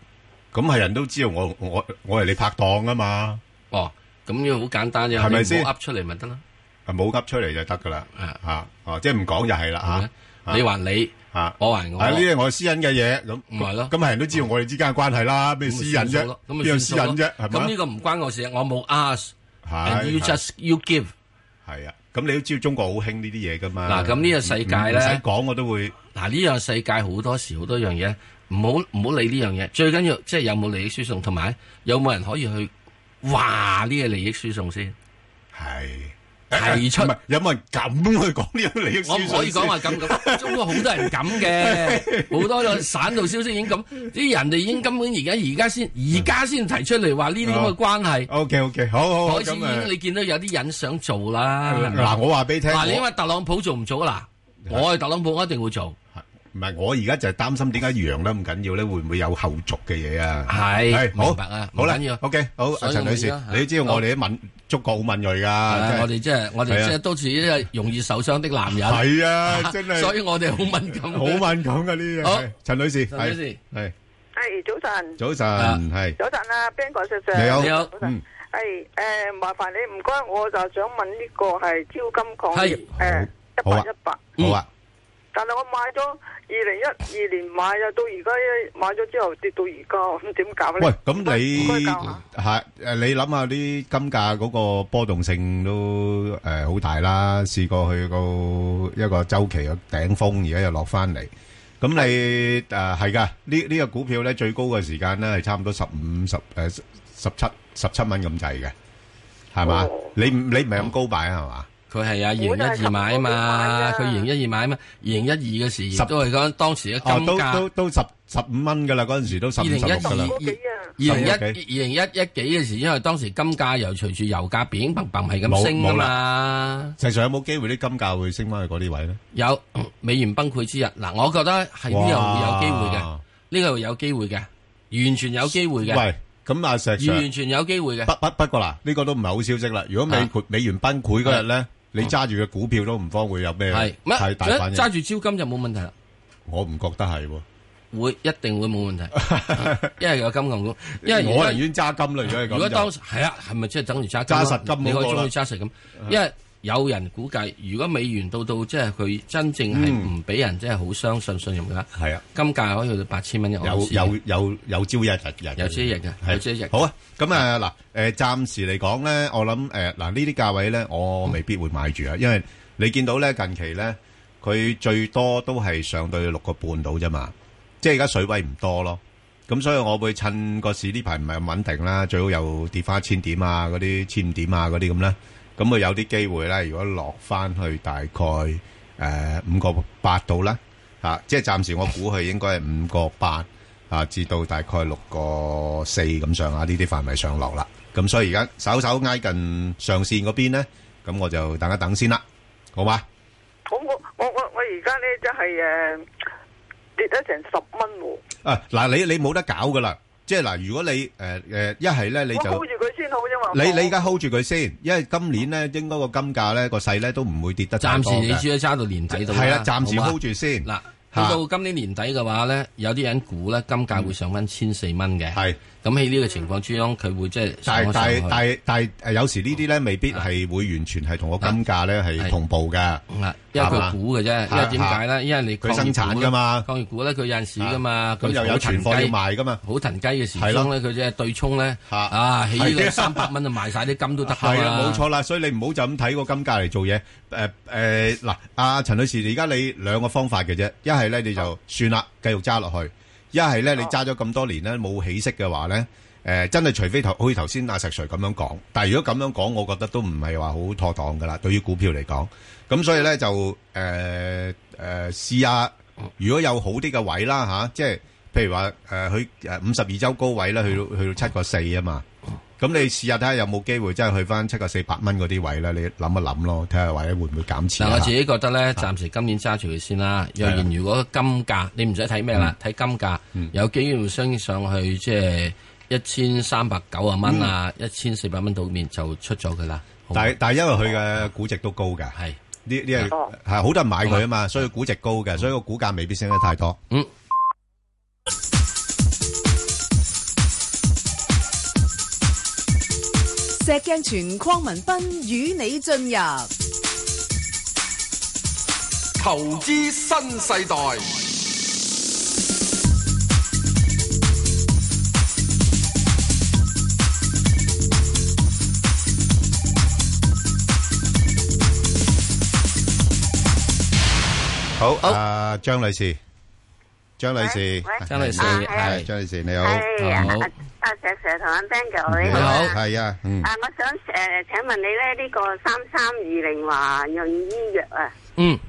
咁係人都知道我我我係你拍檔啊嘛。哦，咁要好簡單啫，係咪先？噏出嚟咪得啦。啊，冇噏出嚟就得噶啦。啊啊即係唔講就係啦吓。你話你啊，我話我。係呢，我私隱嘅嘢咁，咪咯。咁係人都知道我哋之間嘅關係啦，咩私隱啫？咁咪私隱啫，係咁呢個唔關我事，我冇 ask。係。You just you give。係啊，咁你都知道中國好興呢啲嘢噶嘛？嗱、啊，咁呢個世界咧，唔使講我都會。嗱、啊，呢樣世界好多時好多樣嘢，唔好唔好理呢樣嘢，最緊要即係有冇利益輸送，同埋有冇人可以去話呢個利益輸送先。係。提出唔係有冇人咁去講呢咁嘅利益？我唔可以講話咁，中國好多人咁嘅，好多個省度消息已經咁，啲人哋已經根本而家而家先而家先提出嚟話呢啲咁嘅關係。OK OK，好好咁啊！開始已經你見到有啲人想做啦。嗱，我話俾你聽，嗱你因問特朗普做唔做啊？嗱，我係特朗普，我一定會做。唔係我而家就係擔心點解楊咧咁緊要咧？會唔會有後續嘅嘢啊？係係，好好緊要。OK 好，阿陳女士，你知道我哋一問。觸覺好敏銳噶，我哋即係我哋即係都似啲容易受傷的男人。係啊，真係。所以我哋好敏感，好敏感噶呢樣。陳女士，陳女士，係，係早晨，早晨，係早晨啊，Ben 哥，Sir，你好，你好，早晨，係誒，麻煩你唔該，我就想問呢個係招金礦業誒，一百一百，好啊，但係我買咗二零一二年買啊，到而家一買咗之後跌到而家，咁點搞咧？喂，咁你係誒？你諗下啲金價嗰個波動性都誒好大啦！試過去到一個週期嘅頂峰，而家又落翻嚟。咁你誒係噶？呢呢個股票咧最高嘅時間咧係差唔多十五十誒十七十七蚊咁滯嘅，係嘛？你你唔係咁高擺係嘛？佢係啊，二零一二買啊嘛，佢二零一二買啊嘛，二零一二嘅時都係講當時嘅金價，都十十五蚊㗎喇，嗰陣時都十零十蚊噶啦。二零一二零一一幾嘅時，因為當時金價由隨住油價變，嘭嘭係咁升啊嘛。石 Sir 有冇機會啲金價會升返去嗰啲位咧？有美元崩潰之日，嗱，我覺得係呢度會有機會嘅，呢個會有機會嘅，完全有機會嘅。喂，咁阿石，而完全有機會嘅，不不不過嗱，呢個都唔係好消息啦。如果美元美元崩潰嗰日咧？你揸住嘅股票都唔慌會有咩太大反？揸住招金就冇問題啦。我唔覺得係喎，會一定會冇問題， [laughs] 因為有金融股。 [laughs] 因為我寧願揸金啦，如果係咁。如果當時係啊，係咪即係等於揸揸實金？你可以鍾意揸實金，因為。有人估計，如果美元到到即係佢真正係唔俾人即係好相信信用㗎，係啊、嗯，金價可以去到八千蚊一盎司，有有有有朝一日日，有朝一日嘅，有朝一日，日。好啊，咁啊嗱，誒、呃、暫時嚟講咧，我諗誒嗱呢啲價位咧，我未必會買住啊，因為你見到咧近期咧，佢最多都係上到六個半到啫嘛，即係而家水位唔多咯，咁所以我會趁個市呢排唔係咁穩定啦，最好又跌翻一千點啊，嗰啲千點啊嗰啲咁咧。咁啊，有啲機會咧，如果落返去大概誒五個八度啦，嚇，即係暫時我估佢應該係五個八啊，至到大概六個四咁上下呢啲範圍上落啦。咁所以而家稍稍挨近上線嗰邊咧，咁我就等一等先啦，好嗎？好，我我我我而家咧即係誒跌咗成十蚊喎。啊，嗱，你你冇得搞㗎喇！即係嗱，如果你誒誒一係咧，呃、你就 hold 住佢先好啫嘛。你你而家 hold 住佢先，因為今年咧應該個金價咧個勢咧都唔會跌得咁快。暫時你主要揸到年底度。係啊，暫時 hold 住先。嗱吧，到今年年底嘅話咧，有啲人估咧金價會上翻千四蚊嘅。係、嗯。咁喺呢個情況之中，佢會即係但係但係但係但有時呢啲咧未必係會完全係同個金價咧係同步嘅。嗱，因為佢估嘅啫。因為點解咧？因為你佢生產㗎嘛，鋼鐵股咧佢有陣時㗎嘛，咁又有囤貨要賣㗎嘛。好騰雞嘅時候咧，佢即係對沖咧。嚇啊！起兩三百蚊就賣晒啲金都得㗎。係冇錯啦。所以你唔好就咁睇個金價嚟做嘢。誒誒嗱，阿陳女士，而家你兩個方法嘅啫。一係咧，你就算啦，繼續揸落去。一係咧，你揸咗咁多年咧，冇起色嘅話咧，誒、呃，真係除非頭，好似頭先阿石 sir 咁樣講。但係如果咁樣講，我覺得都唔係話好妥當噶啦。對於股票嚟講，咁所以咧就誒誒、呃呃、試下，如果有好啲嘅位啦吓、啊，即係譬如話誒佢誒五十二周高位啦，去到去到七個四啊嘛。咁你試下睇下有冇機會，即係去翻七個四百蚊嗰啲位啦。你諗一諗咯，睇下或者會唔會減持。但係我自己覺得咧，暫時今年揸住佢先啦。若然如果金價，你唔使睇咩啦，睇金價有機會升上去，即係一千三百九啊蚊啊，一千四百蚊度面就出咗佢啦。但係但係因為佢嘅估值都高嘅，係呢呢係好多人買佢啊嘛，所以估值高嘅，所以個股價未必升得太多。嗯。石鏡泉鄺文斌與你進入投資新世代。好，阿張、uh, 女士。張女士，張女士係張女士。你好，好，阿阿石 sir 同阿 Ben 哥，你好，係啊，啊我想誒請問你咧，呢個三三二零華潤醫藥啊，嗯，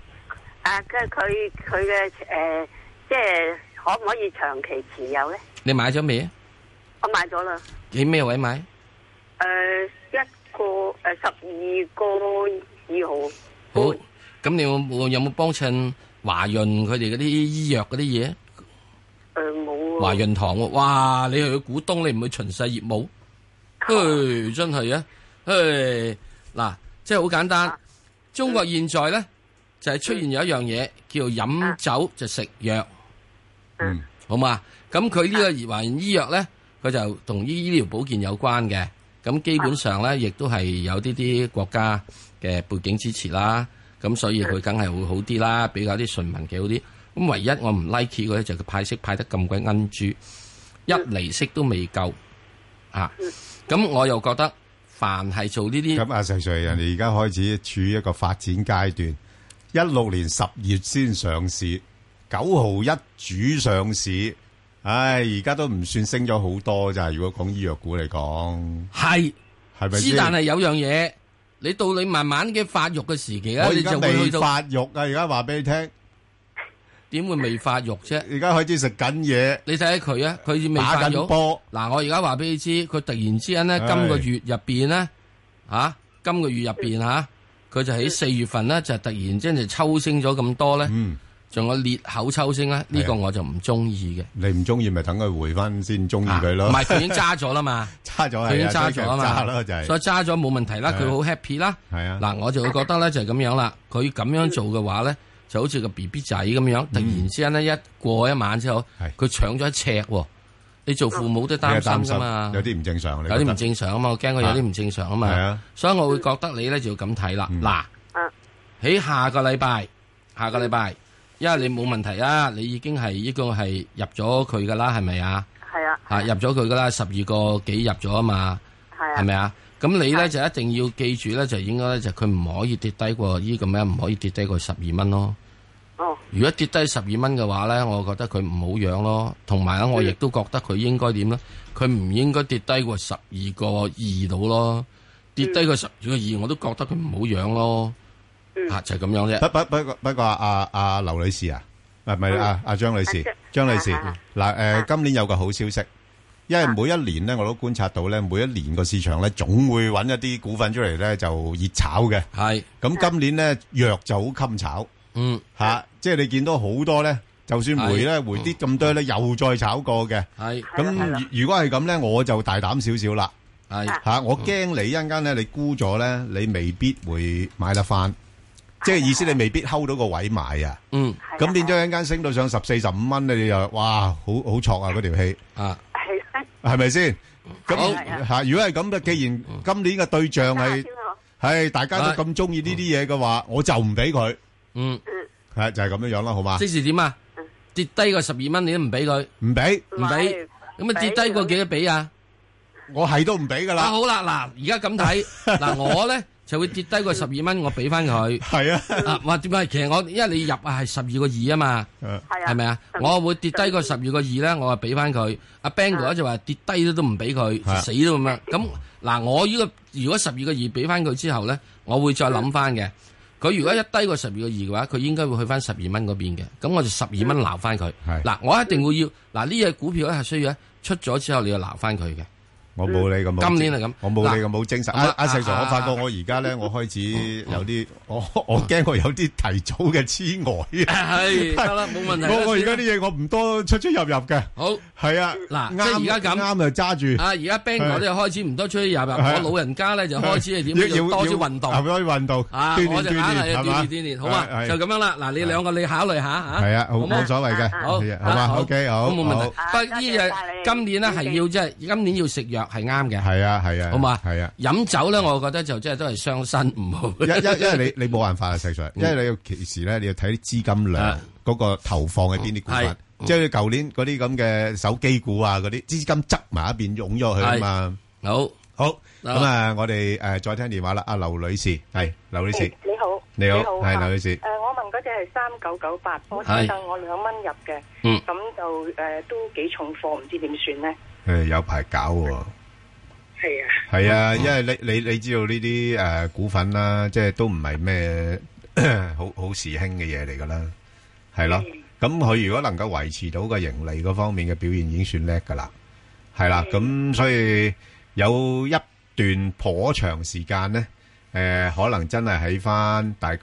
啊即係佢佢嘅誒即係可唔可以長期持有咧？你買咗未啊？我買咗啦。喺咩位買？誒，一個誒十二個二號。好，咁你有冇幫襯華潤佢哋嗰啲醫藥嗰啲嘢？誒，冇喎。華潤堂喎，哇！你係個股東，你唔去巡視業務？噓，真係啊！噓，嗱，即係好簡單。中國現在咧就係出現有一樣嘢叫飲酒就食藥。嗯。好嘛，咁佢呢個華潤醫藥咧，佢就同醫療保健有關嘅，咁基本上咧亦都係有啲啲國家嘅背景支持啦，咁所以佢梗係會好啲啦，比較啲純民企好啲。咁唯一我唔 like 嘅咧就係佢派息派得咁鬼 n 豬，一厘息都未夠啊！咁我又覺得凡係做呢啲咁阿細細，人哋而家開始處於一個發展階段，一六年十月先上市，九號一主上市，唉、哎，而家都唔算升咗好多就咋？如果講醫藥股嚟講，係係咪先？是是只但係有樣嘢，你到你慢慢嘅發育嘅時期咧，我哋就會發育啊！而家話俾你聽。點會未發育啫？而家開始食緊嘢。你睇下佢啊，佢未發育。打緊波嗱，我而家話俾你知，佢突然之間咧，今個月入邊咧，嚇，今個月入邊吓，佢就喺四月份咧，就突然之間就抽升咗咁多咧，仲有裂口抽升咧，呢個我就唔中意嘅。你唔中意咪等佢回翻先，中意佢咯。唔係，佢已經揸咗啦嘛，揸咗，佢已經揸咗啊嘛。就係。所以揸咗冇問題啦，佢好 happy 啦。係啊。嗱，我就會覺得咧就係咁樣啦，佢咁樣做嘅話咧。就好似個 B B 仔咁樣，突然之間咧一過一晚之後，佢搶咗一尺，你做父母都擔心噶嘛？有啲唔正常，有啲唔正常啊嘛！我驚佢有啲唔正常啊嘛，啊所以我會覺得你咧就要咁睇、嗯、啦。嗱、嗯，喺下個禮拜，下個禮拜，因為你冇問題啊，你已經係依、這個係入咗佢噶啦，係咪啊？係啊，吓入咗佢噶啦，十二個幾入咗啊嘛，係咪啊？咁你咧就一定要記住咧，就應該咧就佢唔可以跌低過呢、這個咩，唔可以跌低過十二蚊咯。如果跌低十二蚊嘅話咧，oh. 我覺得佢唔好養咯。同埋咧，我亦都覺得佢應該點咧？佢唔應該跌低過十二個二度咯。跌低個十二個二，我都覺得佢唔好養咯。吓就係、是、咁樣啫。不不不不，過阿阿劉女士、uh. 啊，唔係係阿阿張女士，張女士嗱。誒、uh. 呃，今年有個好消息，因為每一年咧、uh.，我都觀察到咧，每一年個市場咧，總會揾一啲股份出嚟咧，就熱炒嘅。係咁，今年咧藥就好襟炒。嗯，吓，即係你見到好多咧，就算回咧回啲咁多咧，又再炒過嘅。係，咁如果係咁咧，我就大膽少少啦。係，吓，我驚你一陣間咧，你沽咗咧，你未必會買得翻。即係意思，你未必 hold 到個位買啊。嗯，咁變咗一陣間升到上十四十五蚊咧，你又哇，好好挫啊！嗰條氣啊，係咪先？咁吓，如果係咁嘅，既然今年嘅對象係，係大家都咁中意呢啲嘢嘅話，我就唔俾佢。嗯，係就係咁樣樣啦，好嘛？即時點啊？跌低個十二蚊你都唔俾佢，唔俾唔俾，咁啊跌低個幾多俾啊？我係都唔俾噶啦。好啦，嗱，而家咁睇，嗱，我咧就會跌低個十二蚊，我俾翻佢。係啊，啊，點解？其實我因為你入係十二個二啊嘛，係咪啊？我會跌低個十二個二咧，我啊俾翻佢。阿 b a n g o 就話跌低都都唔俾佢，死都咁樣。咁嗱，我呢個如果十二個二俾翻佢之後咧，我會再諗翻嘅。佢如果一低過十二個二嘅話，佢應該會去返十二蚊嗰邊嘅，咁我就十二蚊撈返佢。嗱的，我一定會要，嗱，呢隻股票咧，係需要出咗之後你要撈返佢嘅。我冇你咁，今年係咁，我冇你咁冇精神。阿阿石，我發覺我而家咧，我開始有啲，我我驚我有啲提早嘅痴呆。係得啦，冇問題。我我而家啲嘢，我唔多出出入入嘅。好係啊，嗱，即係而家咁啱就揸住。啊，而家 band 我都開始唔多出出入入，我老人家咧就開始係點？要多啲運動，多啲運動。鍛煉鍛煉係啱嘅，係啊，係啊，好嘛？係啊，飲酒咧，我覺得就即係都係傷身，唔好。因因因為你你冇辦法啊，Sir，因為你要其實咧，你要睇啲資金量，嗰個投放喺邊啲股份，即係佢舊年嗰啲咁嘅手機股啊，嗰啲資金執埋一邊湧咗去啊嘛。好好，咁啊，我哋誒再聽電話啦，阿劉女士，係劉女士，你好，你好，係劉女士。誒，我問嗰隻係三九九八，我先但我兩蚊入嘅，咁就誒都幾重貨，唔知點算咧？誒，有排搞喎，係啊，係啊，因為你你你知道呢啲誒股份啦，即係都唔係咩好好時興嘅嘢嚟噶啦，係咯，咁佢如果能夠維持到個盈利嗰方面嘅表現，已經算叻噶啦，係啦，咁所以有一段頗長時間呢，誒，可能真係喺翻大概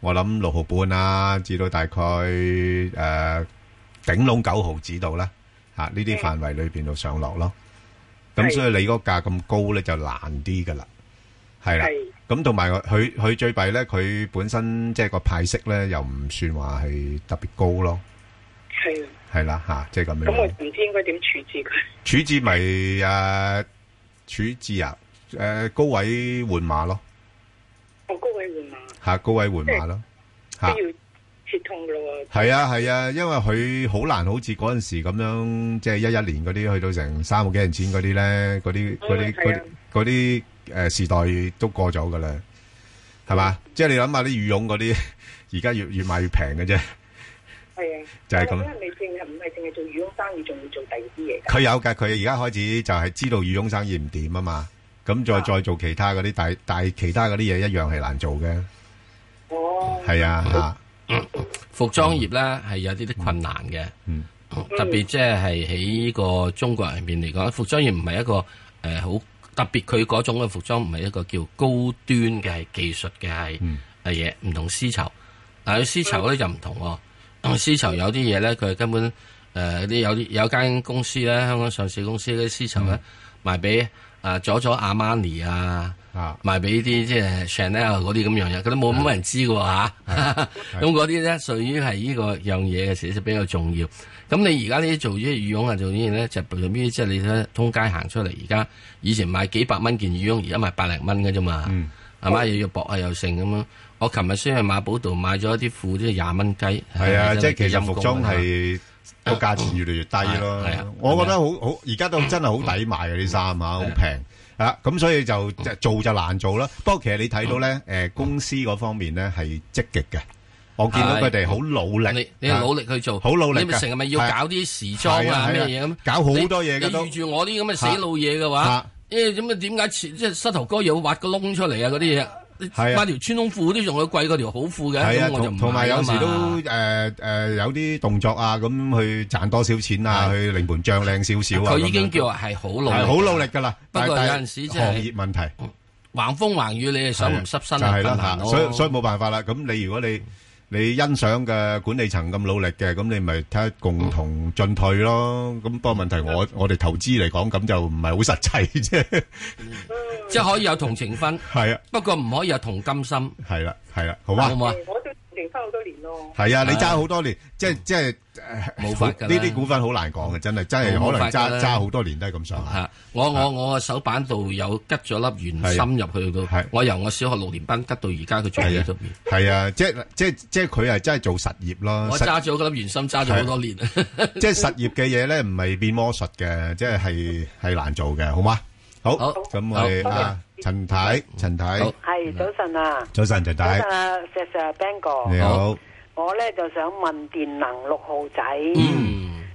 我諗六毫半啦，至到大概誒頂籠九毫紙度啦。啊！呢啲範圍裏邊度上落咯，咁的所以你嗰個價咁高咧就難啲噶啦，係啦。咁同埋佢佢最弊咧，佢本身即係個派息咧又唔算話係特別高咯，係係啦吓，即係咁樣。咁我唔知應該點處置佢？處置咪、就、誒、是啊，處置啊，誒、啊、高位換馬咯，哦高位換馬吓、啊，高位換馬咯吓。的接通咯喎！係、嗯、 [music] 啊係啊，因為佢好難，好似嗰陣時咁樣，即係一一年嗰啲去到成三個幾銀錢嗰啲咧，嗰啲嗰啲啲誒時代都過咗噶啦，係嘛？即係你諗下啲羽絨嗰啲，越越而家越越賣越平嘅啫。係啊，就係咁。佢係唔係淨係做羽絨生意，仲要做第二啲嘢？佢有噶，佢而家開始就係知道羽絨生意唔掂啊嘛，咁再、啊、再做其他嗰啲，但但係其他嗰啲嘢一樣係難做嘅。哦，係啊吓。 [noise] 服裝業咧係有啲啲困難嘅， [noise] 特別即係喺呢個中國人面嚟講，服裝業唔係一個誒好、呃、特別，佢嗰種嘅服裝唔係一個叫高端嘅技術嘅係嘅嘢，唔 [noise] 同絲綢。但係，佢絲綢咧就唔同，絲綢有啲嘢咧，佢根本誒啲、呃、有啲有間公司咧，香港上市公司啲絲綢咧賣俾誒、 [noise] 啊、佐佐亞瑪尼啊。啊！賣俾啲即係 Chanel 嗰啲咁樣嘢，佢都冇乜人知嘅喎嚇。咁嗰啲咧屬於係呢個樣嘢嘅時，就比較重要。咁你而家呢啲做啲羽絨啊，做啲嘢咧就變咗即係你通街行出嚟，而家以前買幾百蚊件羽絨，而家賣百零蚊嘅啫嘛。係嘛，又薄啊又剩咁樣。我琴日先去馬寶道買咗啲褲，都廿蚊雞。係啊，即係其實服裝係個價錢越嚟越低咯。係啊，我覺得好好，而家都真係好抵買啊啲衫啊，好平。啊，咁所以就即係做就難做啦。不過其實你睇到咧，誒、呃、公司嗰方面咧係積極嘅，我見到佢哋好努力，是是你，你努力去做，好是努力你、啊你。你咪成日咪要搞啲時裝啊咩嘢咁，搞好多嘢。你預住我啲咁嘅死路嘢嘅話，誒咁啊點解即係膝頭哥要挖個窿出嚟啊嗰啲嘢？買條穿窿褲都仲要貴過條好褲嘅，咁我就唔買。同埋有時都誒誒，有啲動作啊，咁去賺多少錢啊，去令盤漲靚少少啊。佢已經叫係好努力，係好努力噶啦。不過有陣時即係行業問題，橫風橫雨你想唔濕身就係啦吓。所所以冇辦法啦。咁你如果你你欣賞嘅管理層咁努力嘅，咁你咪睇共同進退咯。咁不過問題我我哋投資嚟講，咁就唔係好實際啫。即係可以有同情分，係啊，不過唔可以有同甘心，係啦，係啦，好嗎？好嘛？我都同情翻好多年咯。係啊，你揸好多年，即係即係冇法㗎啦。呢啲股份好難講嘅，真係真係可能揸揸好多年都係咁上下。我我我手板度有吉咗粒圓心入去，我由我小學六年班吉到而家佢仲喺度。係啊，即係即係即係佢係真係做實業啦。我揸咗粒圓心揸咗好多年，即係實業嘅嘢咧，唔係變魔術嘅，即係係係難做嘅，好嗎？好，咁我阿陳太，陳太係，早晨啊，早晨陳太，阿石 Sir Ben 哥你好，我咧就想問電能六號仔。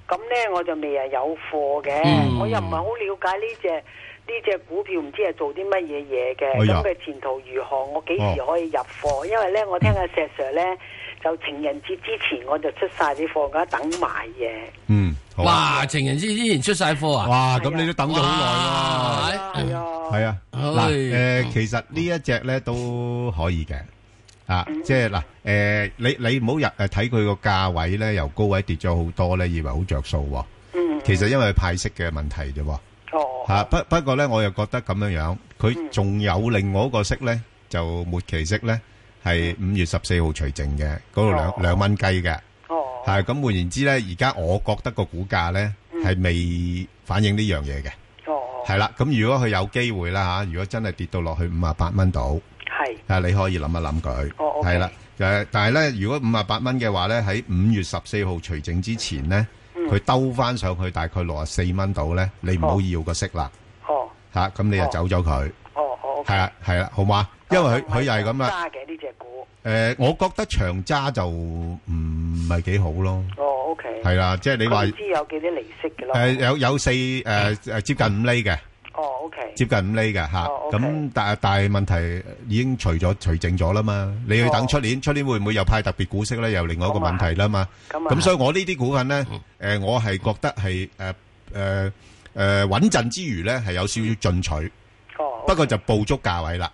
咁咧我就未日有貨嘅，我又唔係好了解呢隻呢隻股票，唔知係做啲乜嘢嘢嘅，咁佢前途如何，我幾時可以入貨？因為咧我聽阿石 Sir 咧。就情人節之前我就出晒啲貨，而家等埋嘢。嗯，哇！情人節之前出晒貨啊！哇，咁你都等咗好耐啊。係啊，係啊。嗱，誒，其實呢一隻咧都可以嘅。啊，即係嗱，誒，你你唔好入誒睇佢個價位咧，由高位跌咗好多咧，以為好着數。嗯。其實因為派息嘅問題啫。錯。吓，不不過咧，我又覺得咁樣樣，佢仲有另外一個息咧，就末期息咧。係五月十四號除淨嘅，嗰度兩兩蚊雞嘅，係咁換言之咧，而家我覺得個股價咧係未反映呢樣嘢嘅，係啦，咁如果佢有機會啦吓，如果真係跌到落去五啊八蚊度，係啊，你可以諗一諗佢，係啦，誒，但係咧，如果五啊八蚊嘅話咧，喺五月十四號除淨之前咧，佢兜翻上去大概六十四蚊度咧，你唔好要個息啦，吓咁你就走咗佢。係啊，係啦，好嘛？因為佢佢又係咁啦。揸嘅呢隻股。誒，我覺得長揸就唔係幾好咯。哦，OK。係啦，即係你話。佢唔知有幾多利息嘅咯。誒，有有四誒誒接近五厘嘅。哦，OK。接近五厘嘅，吓。哦，OK。咁但係但係問題已經除咗除淨咗啦嘛，你要等出年，出年會唔會又派特別股息咧？又另外一個問題啦嘛。咁啊。咁所以我呢啲股份咧，誒，我係覺得係誒誒誒穩陣之餘咧，係有少少進取。Okay. 不過就捕捉價位啦，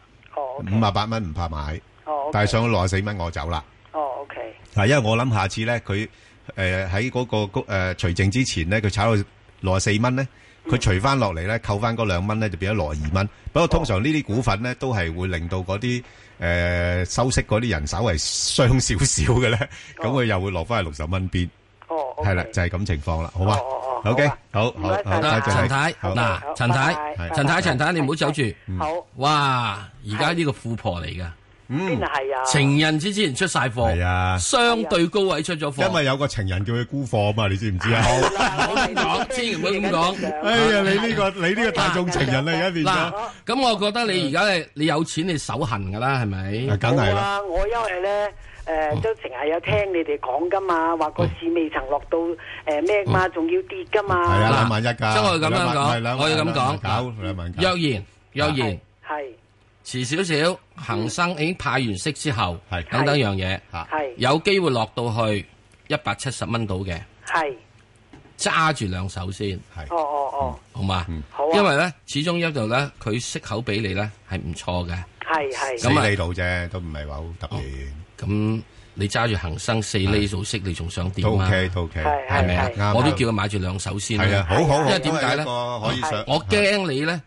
五啊八蚊唔怕買，oh, okay. 但係上咗六啊四蚊我走啦。哦、oh,，OK。嗱，因為我諗下次咧，佢誒喺嗰個股誒、呃、除淨之前咧，佢炒到六啊四蚊咧，佢、嗯、除翻落嚟咧，扣翻嗰兩蚊咧，就變咗六啊二蚊。不過通常呢啲股份咧，都係會令到嗰啲誒收息嗰啲人稍微傷少少嘅咧，咁佢、oh, okay. [laughs] 又會落翻去六十蚊邊。哦，係啦，就係、是、咁情況啦，好嘛？Oh, okay. 好嘅，好好陳太。嗱，陳太，陳太，陳太，你唔好走住，好哇，而家呢個富婆嚟噶，嗯，係啊，情人節之前出晒貨，係啊，相對高位出咗貨，因為有個情人叫佢沽貨啊嘛，你知唔知啊？唔好講，千祈唔好咁講，哎呀，你呢個你呢個大眾情人啦而家變咗，咁我覺得你而家咧，你有錢你手痕噶啦，係咪？啊，梗係啦，我因為咧。誒，都淨係有聽你哋講噶嘛？話個市未曾落到誒咩嘛，仲要跌噶嘛？係啊，兩萬一噶。即係我咁樣講，係啦，我要咁講。若然，若然，係遲少少，恒生已經派完息之後，係等等樣嘢吓，係有機會落到去一百七十蚊到嘅，係揸住兩手先，係哦哦哦，好嘛？好，因為咧，始終一度咧，佢息口俾你咧係唔錯嘅，係係咁你度啫，都唔係話好特別。咁你揸住恒生四呢組息，你仲想點啊？到期到期係咪啊？我都叫佢買住兩手先係啊，好好，因為點解咧？我驚你咧，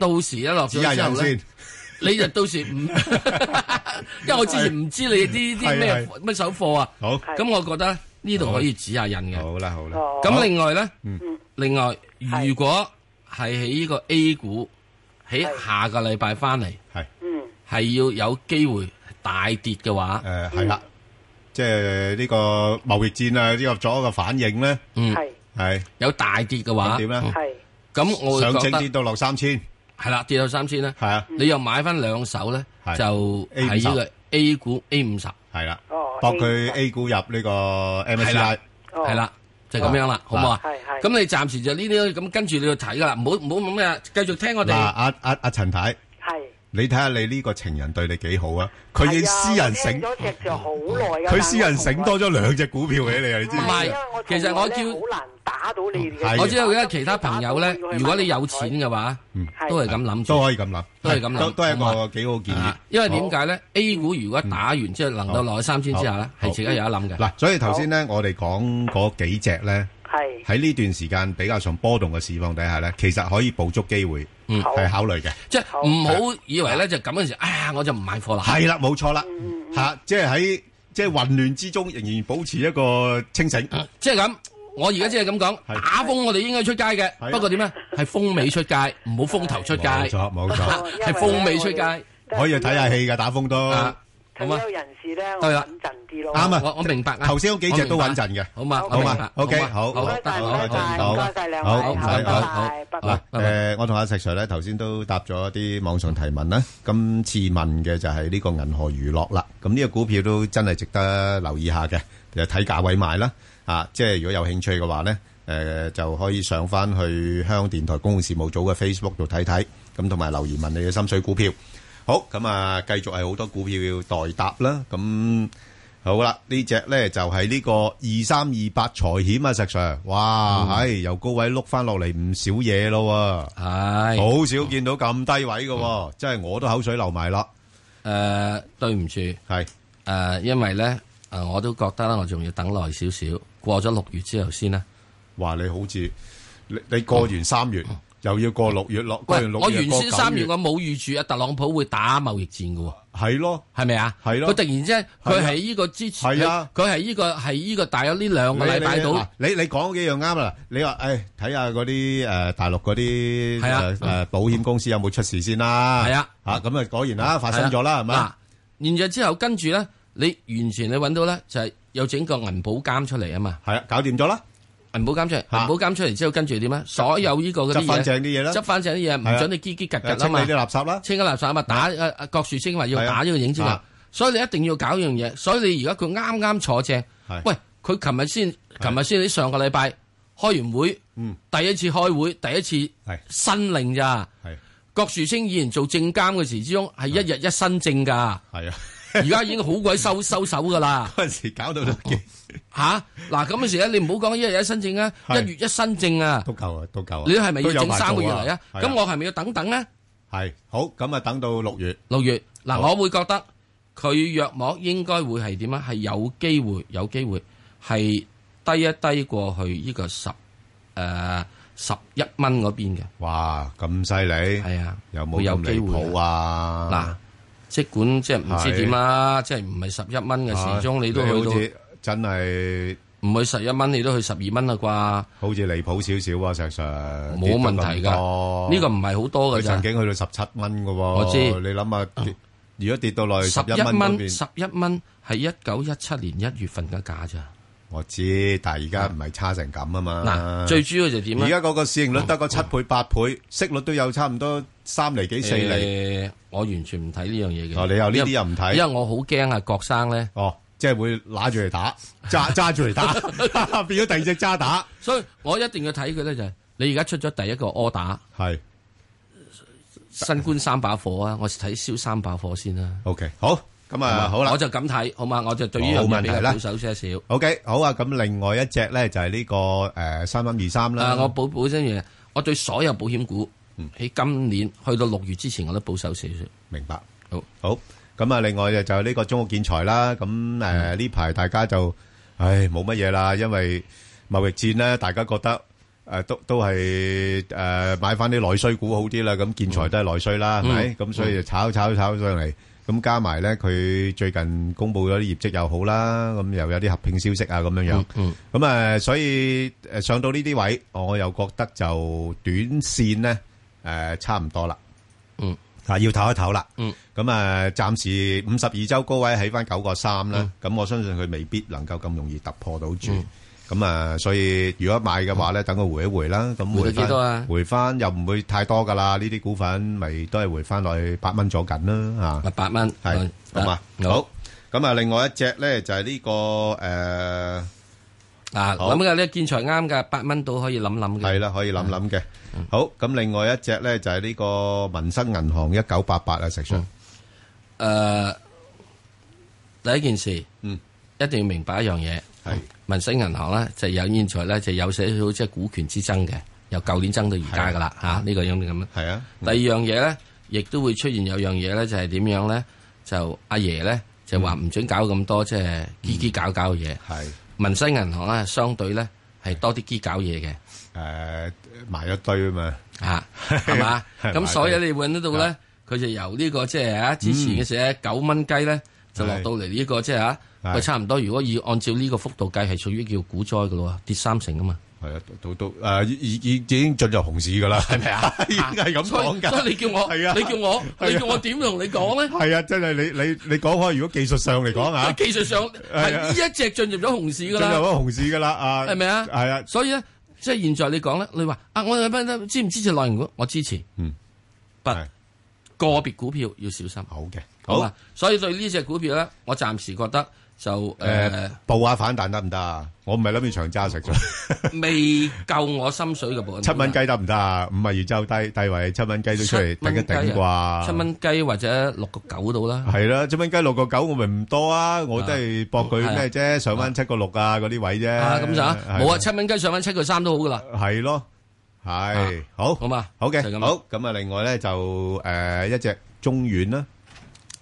到時一落咗之後咧，你就到時唔，因為我之前唔知你啲啲咩咩手貨啊。好，咁我覺得呢度可以指下印嘅。好啦好啦，咁另外咧，另外如果係喺呢個 A 股，喺下個禮拜翻嚟，係，嗯，係要有機會。大跌嘅話，誒係啦，即係呢個貿易戰啊，呢個咗個反應咧，嗯，係係有大跌嘅話點咧？係咁我會想整跌到落三千，係啦跌到三千咧，係啊你又買翻兩手咧，就 A 股 A 股 A 五十係啦，哦博佢 A 股入呢個 MSCI 係啦，就咁樣啦，好唔好啊？係係咁你暫時就呢啲咁跟住你要睇噶啦，唔好唔好咁咩，繼續聽我哋嗱阿阿阿陳太。你睇下你呢個情人對你幾好啊？佢已經私人醒咗隻，仲好耐啊！佢私人醒多咗兩隻股票俾你啊！唔係啊，我其實我叫，好難打到你。我知道而家其他朋友咧，如果你有錢嘅話，都係咁諗，都可以咁諗，都係咁諗，都係個幾好建議。因為點解咧？A 股如果打完之後能夠落去三千之下咧，係自己有一諗嘅。嗱，所以頭先咧，我哋講嗰幾隻咧。喺呢段時間比較上波動嘅市況底下咧，其實可以捕捉機會，係考慮嘅。即係唔好以為咧就咁嗰陣時，哎呀我就唔買貨啦。係啦，冇錯啦。嚇，即係喺即係混亂之中，仍然保持一個清醒。即係咁，我而家即係咁講，打風我哋應該出街嘅。不過點咧？係風尾出街，唔好風頭出街。冇錯，冇錯，係風尾出街。可以去睇下戲嘅，打風都。退休人士咧，我穩陣啲咯。啱啊，我我明白。頭先嗰幾隻都穩陣嘅。好嘛，好嘛，OK，好好，唔該曬，唔該曬，唔該曬，兩位，唔該曬，拜拜。嗱，誒，我同阿石 Sir 咧頭先都答咗一啲網上提問啦。今次問嘅就係呢個銀河娛樂啦。咁呢個股票都真係值得留意下嘅，就睇價位買啦。啊，即係如果有興趣嘅話咧，誒，就可以上翻去香港電台公共事務組嘅 Facebook 度睇睇。咁同埋留言問你嘅心水股票。好，咁啊，繼續係好多股票要代答啦。咁好啦，隻，呢隻咧就係、是、呢個二三二八財險啊。石 sir，哇，係、嗯、哎、由高位碌翻落嚟唔少嘢咯。係好、哎、少見到咁低位嘅。真係、嗯、我都口水流埋啦。誒、呃，對唔住。係誒是、呃，因為咧、誒，我都覺得啦，我仲要等耐少少，過咗六月之後先啦。話你好似你你過完三月。嗯又要過六月咯，我原先三月我冇預住阿特朗普會打貿易戰噶喎，係咯，係咪啊？係咯，佢突然之間，佢喺呢個之前，係啊，佢係呢個係呢個，大約呢兩個禮拜到。你你講嗰幾樣啱啦，你話誒睇下嗰啲誒大陸嗰啲誒保險公司有冇出事先啦，係啊，吓咁啊果然啦，發生咗啦，係嘛？然之後之後跟住咧，你完全你揾到咧就係又整個銀保監出嚟啊嘛，係啊，搞掂咗啦。唔好監出嚟，唔好監出嚟之後，跟住點咧？所有呢個嘅啲嘢，執翻正啲嘢啦，執翻正啲嘢，唔准你嘰嘰格格啊嘛！清理啲垃圾啦，清垃圾啊嘛！打阿阿郭樹清話要打呢個影之後，所以你一定要搞呢樣嘢。所以你而家佢啱啱坐正，喂，佢琴日先，琴日先你上個禮拜開完會，第一次開會，第一次新令咋？郭樹清以前做證監嘅時之中，係一日一新政噶，係啊，而家已經好鬼收收手噶啦。嗰陣時搞到都吓嗱，咁嘅時咧，你唔好講一日一新證啊，一月一新證啊，都夠啊，都夠啊，你係咪要整三個月嚟啊？咁我係咪要等等咧？係好，咁啊，等到六月。六月嗱，我會覺得佢約莫應該會係點啊？係有機會，有機會係低一低過去呢個十誒十一蚊嗰邊嘅。哇，咁犀利！係啊，有冇咁離譜啊？嗱，即管即係唔知點啦，即係唔係十一蚊嘅時鐘，你都去到。真係唔去十一蚊，你都去十二蚊啦啩？好似離譜少少啊！常常冇問題噶，呢個唔係好多嘅。佢曾經去到十七蚊噶，我知。你諗下，如果跌到落去十一蚊，十一蚊係一九一七年一月份嘅價咋？我知，但係而家唔係差成咁啊嘛。嗱，最主要就點？而家嗰個市盈率得個七倍、八倍，息率都有差唔多三厘幾、四厘。我完全唔睇呢樣嘢嘅。哦，你又呢啲又唔睇，因為我好驚啊，郭生咧。即係會拿住嚟打，揸揸住嚟打，變咗第二隻渣打。所以我一定要睇佢咧，就係你而家出咗第一個柯打，係新官三把火啊！我睇燒三把火先啦。OK，好，咁啊，好啦，我就咁睇好嘛，我就對呢樣嘢保守些少。OK，好啊，咁另外一隻咧就係呢個誒三蚊二三啦。我保保守些少，我對所有保險股喺今年去到六月之前，我都保守少少。明白，好好。咁啊，另外就就係呢個中國建材啦，咁誒呢排大家就，唉冇乜嘢啦，因為貿易戰咧，大家覺得誒都都係誒買翻啲內需股好啲啦，咁建材都係內需啦，係咪？咁所以就炒炒炒上嚟，咁加埋咧，佢最近公布咗啲業績又好啦，咁又有啲合併消息啊，咁樣樣。咁啊，所以誒上到呢啲位，我又覺得就短線咧誒差唔多啦。嗯。啊！要唞一唞啦，咁啊，暫時五十二周高位起翻九個三啦，咁我相信佢未必能夠咁容易突破到住，咁啊，所以如果買嘅話咧，等佢回一回啦，咁回翻，回翻又唔會太多噶啦，呢啲股份咪都係回翻落去八蚊左近啦，吓，八蚊係，好，咁啊，另外一隻咧就係呢個誒。啊，諗嘅咧建材啱㗎，八蚊到可以諗諗嘅。係啦，可以諗諗嘅。好，咁另外一隻咧就係呢個民生銀行一九八八啊石窗。誒，第一件事，嗯，一定要明白一樣嘢，係民生銀行咧就有現財咧就有寫到即係股權之爭嘅，由舊年爭到而家噶啦吓，呢個樣咁樣。係啊。第二樣嘢咧，亦都會出現有樣嘢咧，就係點樣咧？就阿爺咧就話唔准搞咁多即係嘰嘰搞搞嘅嘢。係。民生銀行咧相對咧係多啲機搞嘢嘅，誒、啊、埋一堆啊嘛，啊係嘛，咁 [laughs] 所以你揾得到咧，佢的就由呢、這個即係、就是、啊之前嘅時咧九蚊雞咧、嗯、就落到嚟、這、呢個即係、就是、啊，佢的差唔多如果要按照呢個幅度計係屬於叫股災嘅咯，跌三成啊嘛。係啊，都都誒，已已已經進入熊市噶啦，係咪啊？係咁講噶。所以你叫我，係啊，你叫我，你叫我點同你講咧？係啊，真係你你你講開，如果技術上嚟講啊，技術上係呢一隻進入咗熊市噶啦，進入咗熊市噶啦啊，係咪啊？係啊。所以咧，即係現在你講咧，你話啊，我唔分得支唔支持內銀股，我支持。嗯，不過個別股票要小心。好嘅，好啊。所以對呢隻股票咧，我暫時覺得。就誒，報下反彈得唔得啊？我唔係諗住長揸食咗，未夠我心水嘅報。七蚊雞得唔得啊？唔係餘州低低位，七蚊雞都出嚟頂一頂啩。七蚊雞或者六個九到啦。係啦，七蚊雞六個九，我咪唔多啊！我都係博佢咩啫？上翻七個六啊，嗰啲位啫。啊，咁就嚇冇啊！七蚊雞上翻七個三都好噶啦。係咯，係好好嘛，好嘅，好咁啊！另外咧，就誒一隻中遠啦，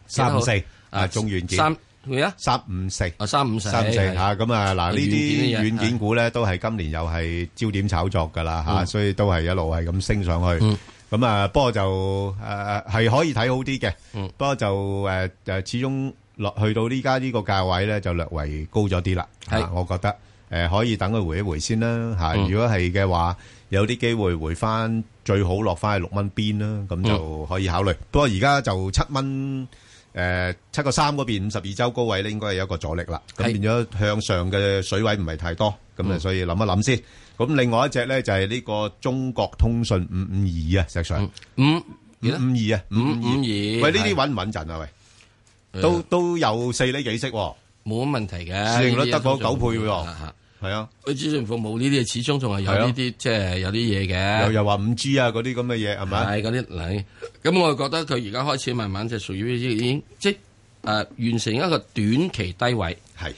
三四啊，中遠跌。咩啊？三五四啊！三五四，三五四啊！咁啊，嗱呢啲軟件股咧，都係今年又係焦點炒作噶啦吓，所以都係一路係咁升上去。咁啊，不過就誒係可以睇好啲嘅。不過就誒誒，始終落去到呢家呢個價位咧，就略為高咗啲啦。係，我覺得誒可以等佢回一回先啦。吓，如果係嘅話，有啲機會回翻，最好落翻去六蚊邊啦，咁就可以考慮。不過而家就七蚊。誒，七個三嗰邊五十二周高位咧，應該係有一個阻力啦，咁變咗向上嘅水位唔係太多，咁啊，所以諗一諗先。咁另外一隻咧，就係呢個中國通信，五五二啊，石常五五二啊，五五二。喂，呢啲穩唔穩陣啊？喂，都都有四厘幾息，冇乜問題嘅，市盈率得嗰九倍嘅。係啊，佢諮詢服務呢啲始終仲係有呢啲、啊、即係有啲嘢嘅。又又話五 G 啊，嗰啲咁嘅嘢係咪啊？係嗰啲嚟。咁我係覺得佢而家開始慢慢即係屬於已經即係誒、呃、完成一個短期低位，係是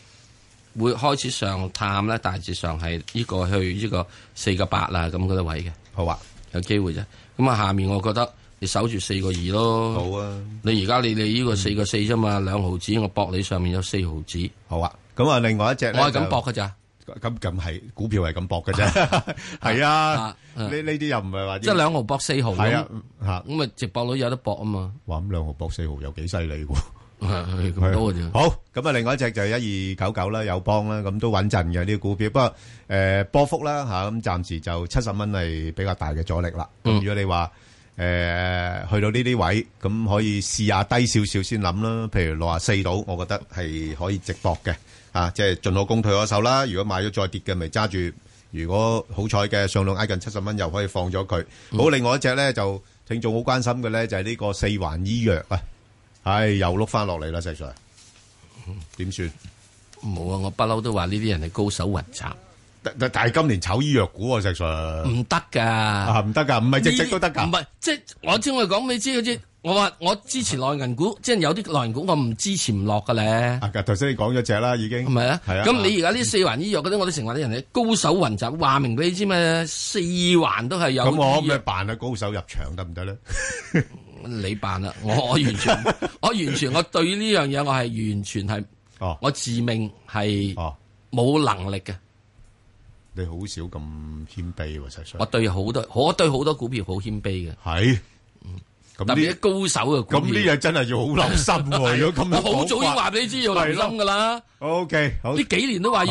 會開始上探咧。大致上係呢個去呢個四個八啦咁嗰啲位嘅。好啊，有機會啫。咁啊，下面我覺得你守住四個二咯。好啊。你，你 4. 4而家你你呢個四個四啫嘛，兩、嗯、毫子我博你上面有四毫子。好啊。咁啊，另外一隻我係咁博嘅咋。咁咁係股票係咁搏嘅啫，係啊，呢呢啲又唔係話即係兩毫搏四毫咁，吓咁啊直博佬有得搏啊嘛。哇，咁兩毫搏四毫又幾犀利喎。係係係，好。咁啊，另外一隻就一二九九啦，友邦啦，咁都穩陣嘅呢個股票。不過誒波幅啦吓，咁暫時就七十蚊係比較大嘅阻力啦。咁如果你話誒去到呢啲位，咁可以試下低少少先諗啦。譬如六啊四度，我覺得係可以直搏嘅。啊，即係進可攻退可守啦！如果買咗再跌嘅，咪揸住；如果好彩嘅，上兩挨近七十蚊，又可以放咗佢。好、嗯，另外一隻咧就聽眾好關心嘅咧，就係、是、呢個四環醫藥啊，唉又碌翻落嚟啦，細 Sir，點算？冇啊！我不嬲都話呢啲人係高手雲集。但係今年炒醫藥股啊，實在唔得噶，唔得噶，唔係隻隻都得噶。唔係即係我只係講你知，你知我話我支持內銀股，即係有啲內銀股我唔支持唔落嘅咧。啊，頭先你講咗隻啦，已經係啊？係啊。咁你而家呢四環醫藥嗰啲，我都成日啲人咧高手雲集，話明畀你知咩？四環都係有。咁我可咩扮啊？高手入場得唔得咧？你扮啦，我完全我完全我對於呢樣嘢我係完全係，我自命係冇能力嘅。你好少咁謙卑喎，石 Sir。我對好多，我對好多股票好謙卑嘅。係，嗯，特別啲高手嘅股。咁呢日真係要好留心喎。如果咁樣，好早已經話俾你知要留心噶啦。OK，呢幾年都話要。